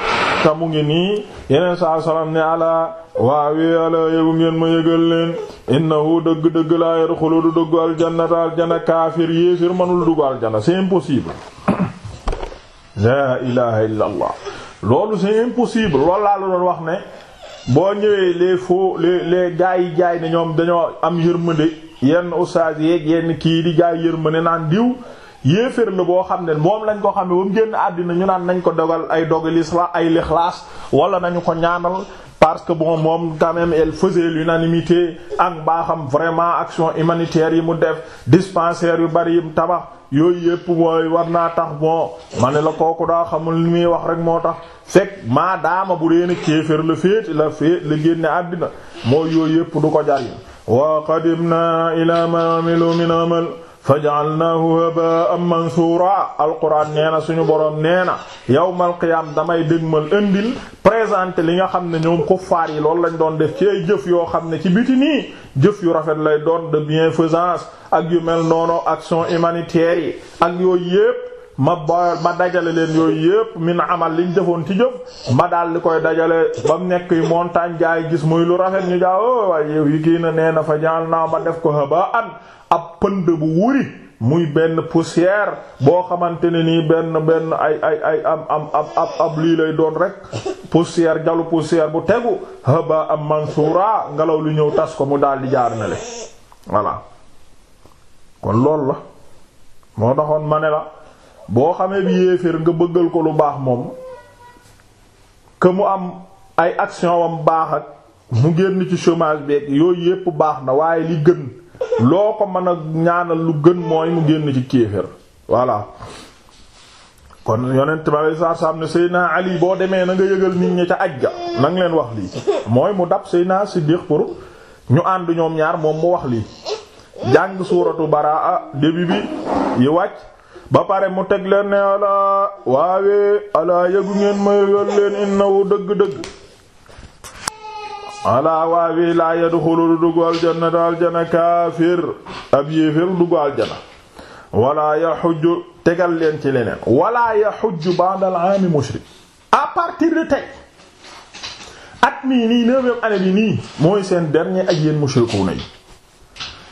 te mu ngi nii yeneen saa salaam ne ala waawi ala yégu ngeen ma yëgal leen innahu dëgg-dëgg laa yarxulu du dugg aljannata aljana kaafir yéefir mënul dugg aljana c'est impossible laa ilaha illa allah loolu c'est impossible loolu laa la doon wax ne boo ñëwee les faux les les gars yi jaay ne ñoom dañoo am yërmande yenn oustaz yeeg yenn kii di jaay yërmande naan diw yéeféer la boo xam ne moom lañ ko ne ba mu génn àddina ñu naan nañ ko dogal ay dogal islam ay lixlaas wala nañu ko ñaanal parce que bon moom quand même elle faisait l'unanimité ak baaxam vraiment action humanitaire yi mu def dispensaire yu bari yi tabax yooyu yépp mooy war naa tax bon ma la kooku daa xamul li muy wax rek moo tax fekk maa daama bu deen kéefér la féeti la féet la génne àddina mooy yooyu yépp du ko jariñ wa qadimna ila ma amilu min amal faj'alnaahu habaa'an mansuura alquran nee na suñu boroom nee na yawmal qiyaam damay dégmal indil présenté li nga xam ne ñoom kuffaar yi loolu lañu doon def ci ay jëf yoo xam ne ci biti nii jëf yu rafet lay doon de bien bienfaisance ak yu mel noonu action humanitaire yi ak yooyu yépp ma ba ma dajale leen yooyu yépp na amal liñ defoon ci jëf ma daal di koy dajale ba mu nekk yi montagne jaay gis muy lu rafet ñu jaaw oh, waaye yow yi kii na nee na fa jaal na ma def ko haba an ab pënd bu wuri muy benn poussière boo xamante ne nii benn benn ay ay ay am ab lii lay doon rekk poussière jalu poussière bu tegu haba am mansuura ngelaw li ñëw tas ko mu daal di jaar na le voilà kon loolu la moo taxoon ma ne la boo xamee bi yéeféer nga bëggal ko lu baax moom que mu am ay action wam baax ak mu génn ci chômage beeg yooyu yépp baax na waaye li gën loo ko mën a ñaanal lu gën mooy mu génn ci kéefër voilà kon yonent bi alei saatu salaam ne Seydina Ali boo demee na nga yëgal nit ñi ca aj ga nang leen wax lii mooy mu dab Seydina Siddiq pour ñu ànd ñoom ñaar moom mu wax lii jàng suuratu baraa début bi yi wàcc ba pare mu teg leen ne alaa waawee alaa yëgu ngeen ma yëgal leen innahu dëgg-dëgg alaa waawi laa yadxulu dugg aljana aljana kaafir ab yéeféer dugg aljana wala yaxujju tegal leen ci leneen wala yaxujju ba'da al-aami mushrik partir de tey at mii nii neuvième année bi mooy seen dernier ak yéen mushrikuuna yi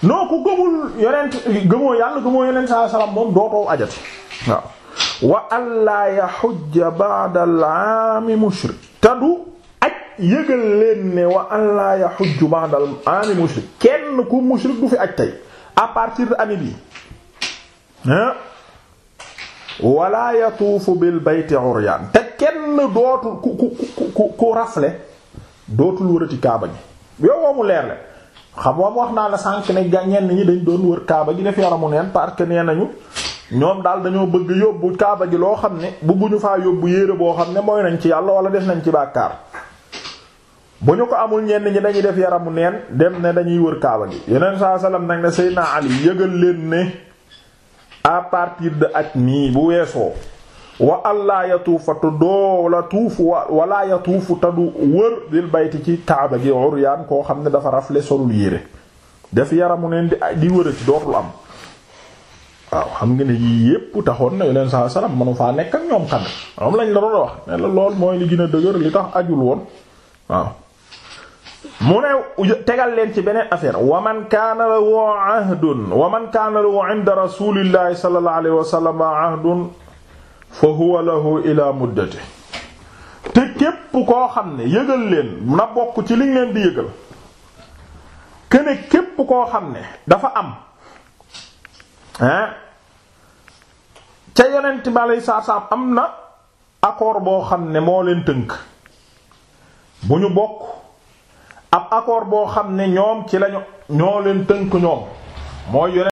noo ku gëmul yonent gëmoo yàlla gëmoo yonent saa salaam moom dootoo ajati waaw wa allaa yaxujja ba'da al-aami mushrik yëgal leen ne wa an laa yaxujju ba'dal aami mushrik kenn ku mushrik du fi aj tey à partir de année bi ah wala yatuufu bil bayti uryaan te kenn dootul ku ku ku ku rafle dootul wërati kaaba ji yow moomu leer la xam moom wax naa la sànq ne ga ñenn ñi dañ doon wër kaaba gi def yaramu neen parce que nee nañu ñoom daal dañoo bëgg yóbbu kaaba ji loo xam ne bëgguñu faa yóbbu yére boo xam ne mooy nañ ci yàlla wala def nañ ci bàkkaar bu ñu ko amul ñenn ñi dañuy def yaramu neen dem ne dañuy wër kaaba gi yeneen saa salaam nag ne Seydina Ali yëgal leen ne à partir de at mii bu weesoo wa allah ya tuufa doo la tuufu wala ya tuufu te wër dil bayti ci kaaba gi uryaan koo xam ne dafa rafle solul yére def yaramu neen di di wër ci dootul am waaw xam nga ne yii yépp taxoon na yeneen saa salaam manu faa nekk ak ñoom kan moom lañ la doon wax ne lool mooy li gën a dëgër li tax ajul woon mu ne tegal leen ci beneen affaire wa man kaana lahu ahdun wa man kaana lahu inda rasulillahi sallallahu alayhi wa sallam ahdun fa huwa lahu ila muddati te képp koo xam ne yëgal leen na bokk ci liñ leen di yëgal kene képp koo xam ne dafa am hein ca yonent bi alay saa saam am na accord boo xam ne moo leen tënk bu ñu bokk ab accord boo xam ne ñoom ci lañu ñoo leen tënk ñoom mooy